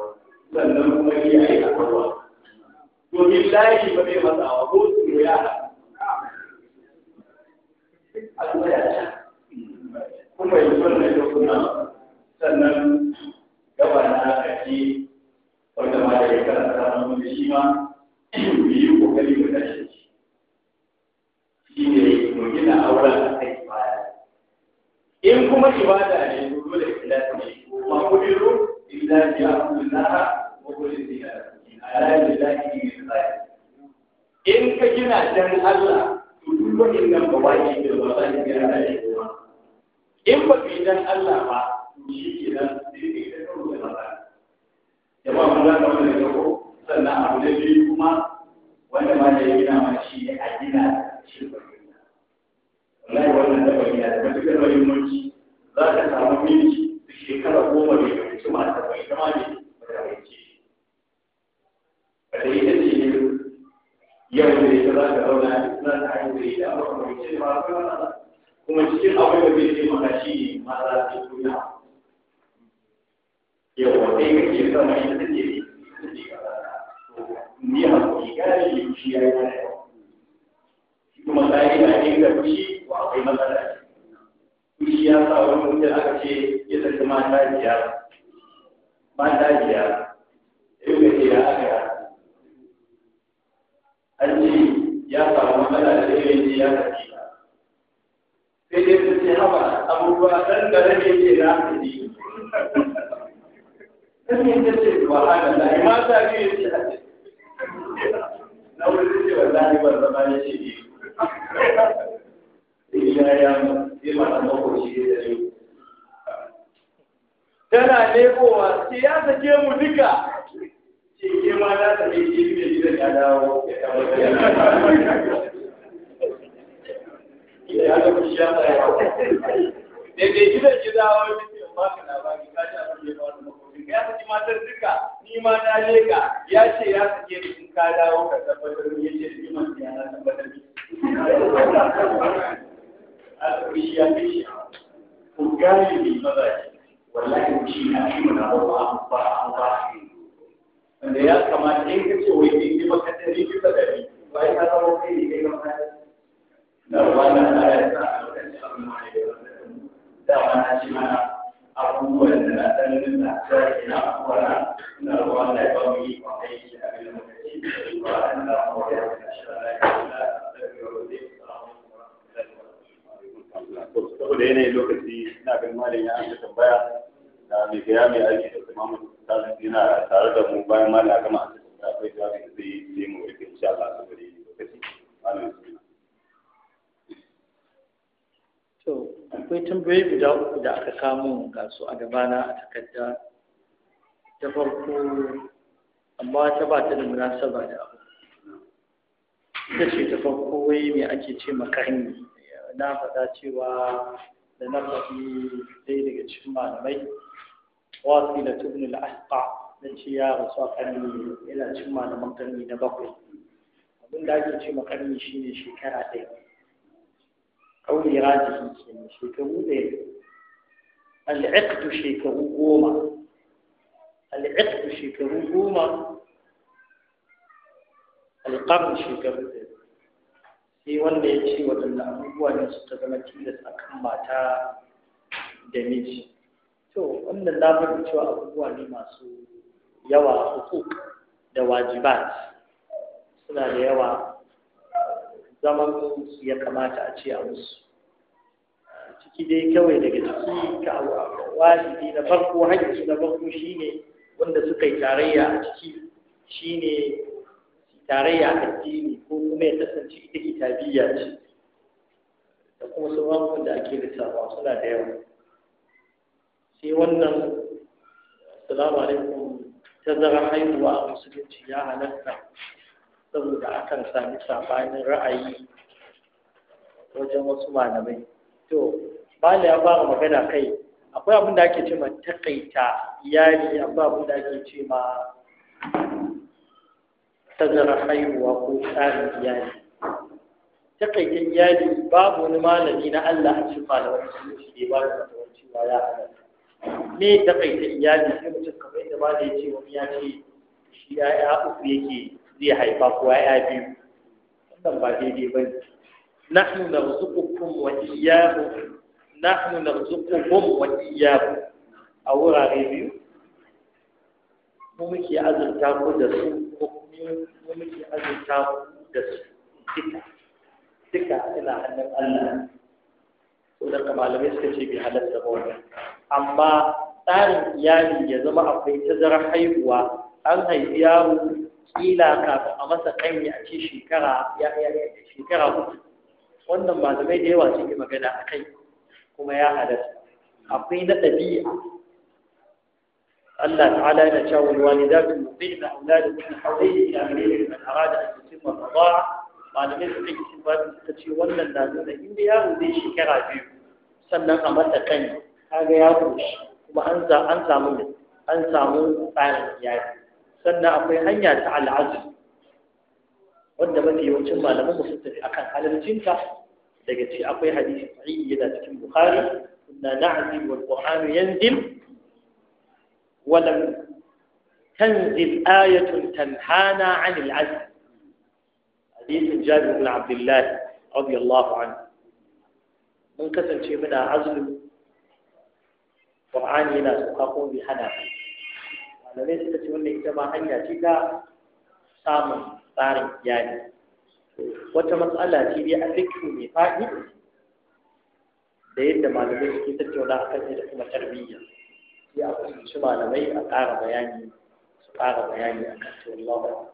sannan kuma iyaye a kawo domin layi ba zai matsawa ko su yi yara a ta kuma yi wannan kuna sannan gaba na kaci wanda ma da ya karanta mun da shi ma yi kokari mu tashi shi ne mu gina auren a kai baya in kuma ibada ne dole da ilahi ma kudiru ilahi ya kudiru in ka gina dan Allah to duk wajen nan ba ba za ki kuma in ba yi dan Allah ba to shi ke nan sai ka da ba jama'a mun ga da ko sannan abu da kuma wanda ma da gina ma shi ne a gina shi ba wannan da da za ka samu shekara goma da ya fi cima ne yau da ita za ka zauna za ka haihu da ita kuma ce ba ka wani kuma cikin abin da zai ce maka shi ne ma za su tuna yau wa ɗaya kake sama ita take ne ni hakuri gane shi shi ya yi mana yau kuma ta yi na yin gafi wa akwai matsala shi ya sa wani mutum aka ce ya zaki mata biyar mata biyar yau da ke ya aka an ce ya samu matsala da zai yi ya tafi ba sai dai sun ce haba abubuwa ɗan da rage ke na tafi kan yin ta ce ba haka da ima ta biyu ce haka ce wallahi ban ya ce biyu ina ya yi mana makoci ya da yau tana ce ya sake mu duka ma za ta yi shi gidan ya dawo ya ya dawo ce ba ka labari ka ji abin da ya faru ya saki matar duka ni ma na ya ce ya in ka dawo ka tabbatar ya ce ni ma ya na tabbatar. ya fi shi. Ku gane ne Wallahi shi na shi mu na ba ba ba. wanda ya kamata in ka ce wai ne maka ɗari bisa ɗari bayan ka zama kai ne kai kamar na wannan ana yasa a lokacin abin ma ne da wannan shi mana abubuwan da na ɗan nuna ta ina kwana na ruwan da ba mu yi kwanai shi a bin lokaci ba a nan da kawai ya fi shi da saboda yanayin lokaci ina ganin malin ya ta tambaya da mai yana tare da mu bayan ma da akwai guda uku da aka samu ga su a gabana a takarda ta farko amma ta ba ta da munasaba da abu ita ce ta farko wai me ake ce makarni na faɗa cewa da na faɗi ɗaya daga cikin malamai wasila ibn al-asqa dan shi ya rasu a karni yana cin malaman karni na bakwai abin da ake ce ma karni shine shekara ɗaya kauli rajihi kenan shekaru ɗaya al-iqdu shekaru goma shekaru goma shekaru sai wanda ya ce waɗanda abubuwa ne su ta zama tilas kan mata da miji to wannan na bari cewa abubuwa ne masu yawa uku da wajibat suna da yawa zaman su ya kamata a ce a musu ciki dai kawai daga ciki ka wajibi na farko Hanyar na farko shine wanda suka yi tarayya a ciki shine tarayya a addini ko kuma ya kasance ita kitabiyya ce da kuma sauran wanda ake lissafa suna da yawa sai wannan assalamu alaikum tazara haihuwa a musulunci ya halatta saboda akan sami sabanin ra'ayi wajen wasu malamai to bala ya fara magana kai akwai abin da ake ce ma takaita iyali akwai abin da ake ce ma tazara haihuwa ko tsarin iyali takaita iyali babu wani malami na Allah a cikin malamai musulunci da ya ba da cewa ya halatta me ta kai ta iyali sai mutum kamar yadda ba da ya ce wani ya ce shi ya'ya uku yake zai haifa ko yi biyu wannan ba daidai ba ne nahnu narzuqukum wa iyyahum nahnu narzuqukum wa iyyahum a wurare biyu mu muke azurta ku da su ko mu muke azurta ku da su duka duka ina hannun Allah saboda malamai suka ce bai halatta ba wannan amma tsarin iyali ya zama akwai tazarar haihuwa an haifi yaro kila kafin a masa kanyi a ce shekara ya shekara hudu wannan malamai da yawa yi magana a kai kuma ya halatta akwai na ɗabi'a Allah ta'ala yana cewa walidatu yuqina auladukum hawlayni ila ghayri man arada an yutimma rida'a malamai suka yi sifati suka ce wannan na nuna inda yaro zai shekara biyu sannan a masa kai kaga ya koshi kuma an an samu an samu tsarin iyali sannan akwai hanya ta al'azu wanda mafi yawancin malaman mu sun tafi akan halalcinta daga ci akwai hadisi sahihi yana cikin bukhari kunna na'zi wal qur'anu yanzil wa lam تنزل آية تنهانا عن العزل حديث جابر بن عبد الله رضي الله عنه من كثر شيء منها عزل قرآن هنا سقاقون بحنا وعلى ليس تتمنى اجتماع هنا تيكا سام طارق يعني وتمت ألا تيبي الذكر مفاهي دين دما لبيش كي تتمنى أكثر من حكومة تربية يأخذ شما لبي أقار بياني أقار بياني أكثر الله أكثر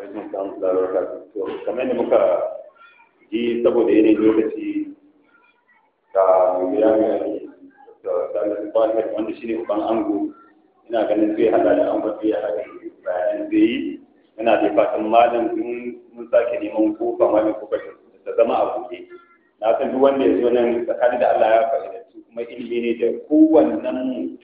alaikum kamar da muka ji saboda yanayin lokaci ga mai mai da dalilin wanda shi ne uban ango ina ganin zai hada da ango zai hada bayanan zai yi yana da fatan malam in mun sake neman kofa ko kofa da zama a buɗe na san duk wanda ya zo nan tsakanin da Allah ya fa'idantu kuma ilimi ne da kowannen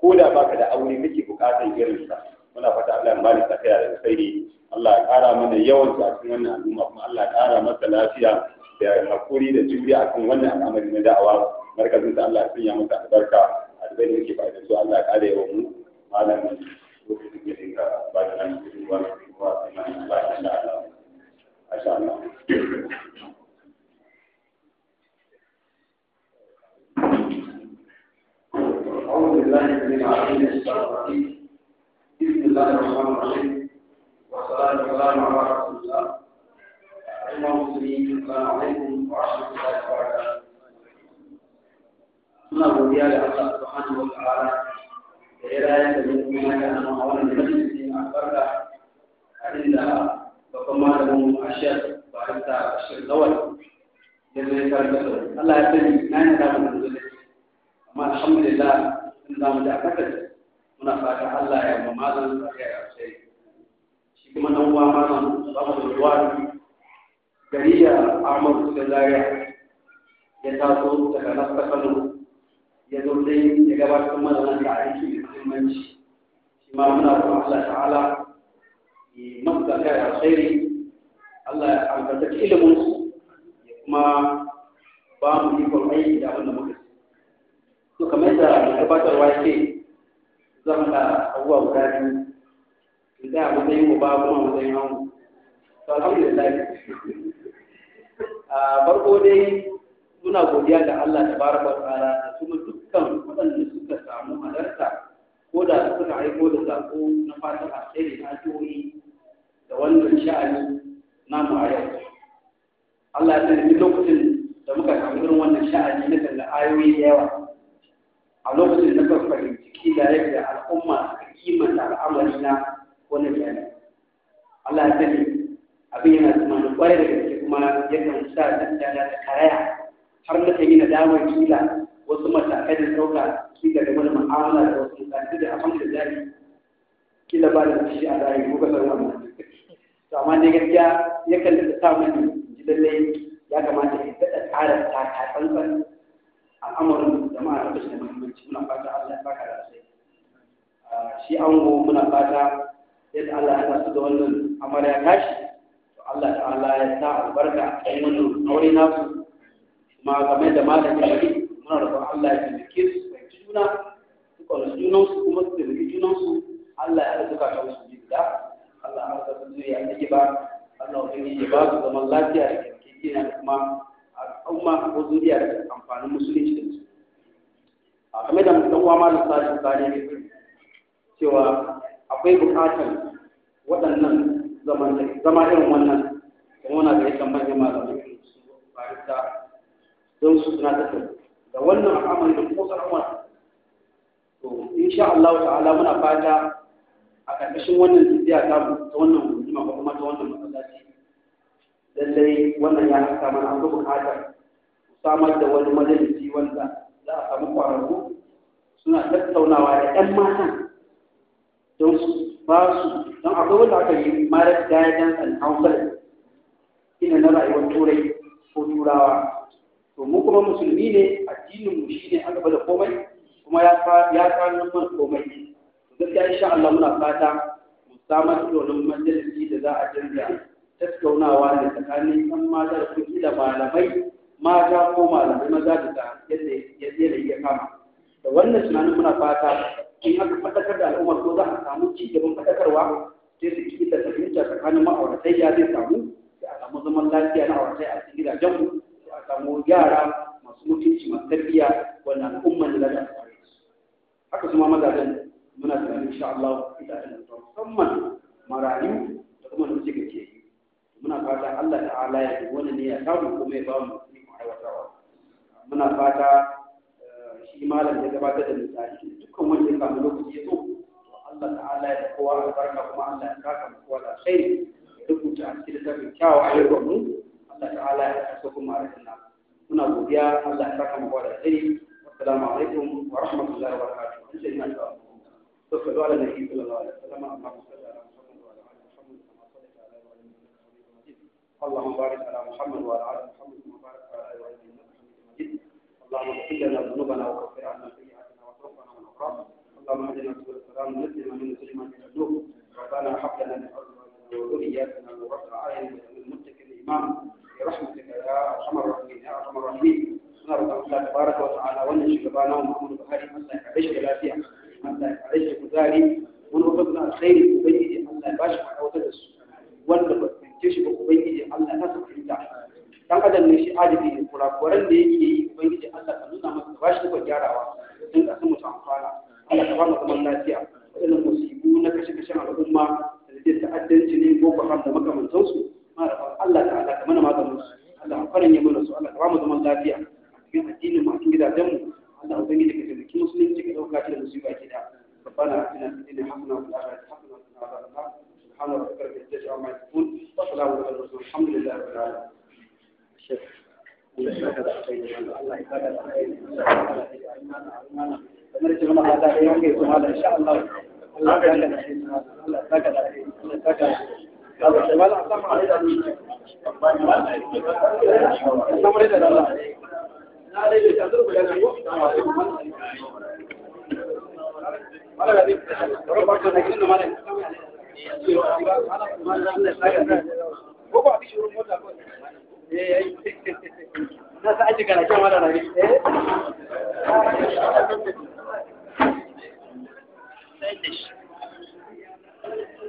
ko da baka da aure kake bukatar irinsa muna fata Allah ya ta kai da sai Allah ya kara mana yawan a cikin wannan al'umma kuma Allah ya kara masa lafiya da hakuri da juriya a cikin wannan al'amari na da'awa markazin da Allah ya sanya masa albarka a da bai yake fa'idan so Allah ya kare wa mu malamin lokacin da ka ba da nan cikin wannan da sai da Allah ya Allah insha Allah أعوذ بالله من العليم السلام بسم الله الرحمن الرحيم والصلاة والسلام على رسول الله أيها المسلمين السلام عليكم ورحمة الله وبركاته أما على لله سبحانه وتعالى إيراية من أن أولا المسجد أكبر عند وكما لهم أشياء وعند الشيء الأول الله يسلمك نعم نعم نعم الحمد لله نعم نعم muna fata Allah ya ma malam ya yarce shi kuma dan uwa malam babu da ruwa gari ya Ahmad da Zaria ya taso daga Nasta Kano ya zo dai ya gabatar mana nan da aiki da muhimmanci shi ma muna roƙon Allah ta'ala ya masa ya alkhairi Allah ya albarkaci ilimin su ya kuma ba mu ikon aiki da abin da muka so kamar yadda gabatarwa yake zama da abubuwa guda biyu idan a matsayin mu ba kuma matsayin hannu to alhamdulillah a farko dai muna godiya ga Allah da baraka wa ta'ala da kuma dukkan waɗanda suka samu halarta ko da suka aiko da sako na fatan alheri na jihohi da wannan sha'ani mu a yau Allah ya yi lokacin da muka samu irin wannan sha'ani na kalla ayoyi da yawa a lokacin da kan shi ga yadda al'umma suka kimanta al'amari na wani jami'a Allah ya sani abin yana zama da kwarai da gaske kuma yakan sa dandana da karaya har na kan yi na damar kila wasu matakai da ɗauka kila da wani ma'amala da wasu mutane da abin da zai kila ba da shi a rayu ko kasar wannan to amma dai gaskiya yakan da sa mani lallai ya kamata ya daɗa tsara ta tsantsan al'amarin jama'a da kashe muhimmanci muna fata Allah ya baka da sai shi ango muna fata yadda Allah ya tasu da wannan amarya tashi to Allah ta'ala ya sa albarka a cikin wannan aure su, kuma game da malamin da muna da Allah ya tabbike su da juna su kwana junan su kuma su tabbike junan su Allah ya rika ta su ji da Allah ya rika su zuriya ne ba Allah ya yi ba su zaman lafiya da kirkiya da umma a zuriya da amfanin musulunci da musulunci a kame da dan uwa malam salihu tsari ne cewa akwai bukatar waɗannan zama irin wannan kuma na da ya yakan manyan malamai su barista don su suna ta da wannan al'amari da kuma sanarwar to insha Allah ta'ala muna fata a ƙarƙashin wannan tafiya ta ta wannan hukuma ko kuma ta wannan masallaci lallai wannan ya haka mana an bukatar samar da wani majalisi wanda za a samu kwararru suna tattaunawa da 'yan matan don su ba su don akwai wanda aka yi marar guidance alhamsar ina na rayuwar turai ko turawa to mu kuma musulmi ne addinin mu shine an gaba da komai kuma ya fa ya nan mana komai to gaskiya insha Allah muna fata mu samar da wani majalisi da za a jirga tattaunawa da tsakanin 'yan mata da kuma da malamai mata ko malamai maza da ta yadda yadda ya kama da wannan tunanin muna fata in aka fadakar da al'ummar ko za a samu ci gaban fadakarwa sai su ci da fahimta tsakanin ma'auratai ya zai samu sai a samu zaman lafiya na auratai a cikin gidajenmu sai a samu yara masu mutunci masu tafiya, wanda al'ummar da za ta haka su ma mazajen muna tunanin insha Allah ita da musamman marayu da kuma da suke ke muna fata Allah ta'ala ya yi wannan ne ya samu kuma ya ba mu aiwatarwa muna fata eh, shi malam ya gabatar da misali dukkan wanda ya lokaci ya zo Allah ta'ala ya kowa kuma Allah ya saka mu kowa da sai a cikin littafin kyawu ayyukan mu Allah ta'ala ya saka kuma muna godiya Allah ya saka mu kowa da sai assalamu alaikum wa rahmatullahi wa barakatuh in sai na ta to dole ne ki sallallahu alaihi wasallam amma الدين اللهم اغفر لنا ذنوبنا وكفر عنا سيئاتنا وتوفنا من الابرار اللهم اهدنا سبل السلام ونزلنا من سجن من العدو ربنا حق لنا من ازواجنا وذرياتنا قرة اعين للمتقين اماما برحمتك يا ارحم الراحمين يا ارحم الراحمين suna roƙon Allah tabaraka wa ta'ala wannan shugaba na Muhammadu Buhari Allah ya kare shi lafiya Allah ya kare shi kuzari wani ubangiji alkhairi ubangiji Allah ya bashi fa'auta da su wanda ba tsinke shi ba ubangiji Allah ya sa fahimta dan adam ne shi adadi ne kurakuran da yake yi ubangiji Allah ka nuna masa ba shi ko gyarawa din ka mu amfana Allah ka ba mu zaman lafiya wannan musibu na kashe a al'umma da zai ta'addanci ne ko ba da makamantan su ma da Allah ta Allah ka mana maganin su Allah ka fara mana su Allah ka ba mu zaman lafiya a cikin addini mu a cikin gidajen mu Allah ubangiji ka taimaki musulunci ka dauka cikin da musiba ke da ربنا اتنا في الدنيا حسنه وفي ta, حسنه وقنا عذاب النار سبحان ربك رب العزه عما يصفون وسلام على المرسلين الحمد لله رب العالمين kamar ce da Allah ya shi shi shi da da Eh, eh, eh. *laughs* na sa aji kana kyan wani rari eh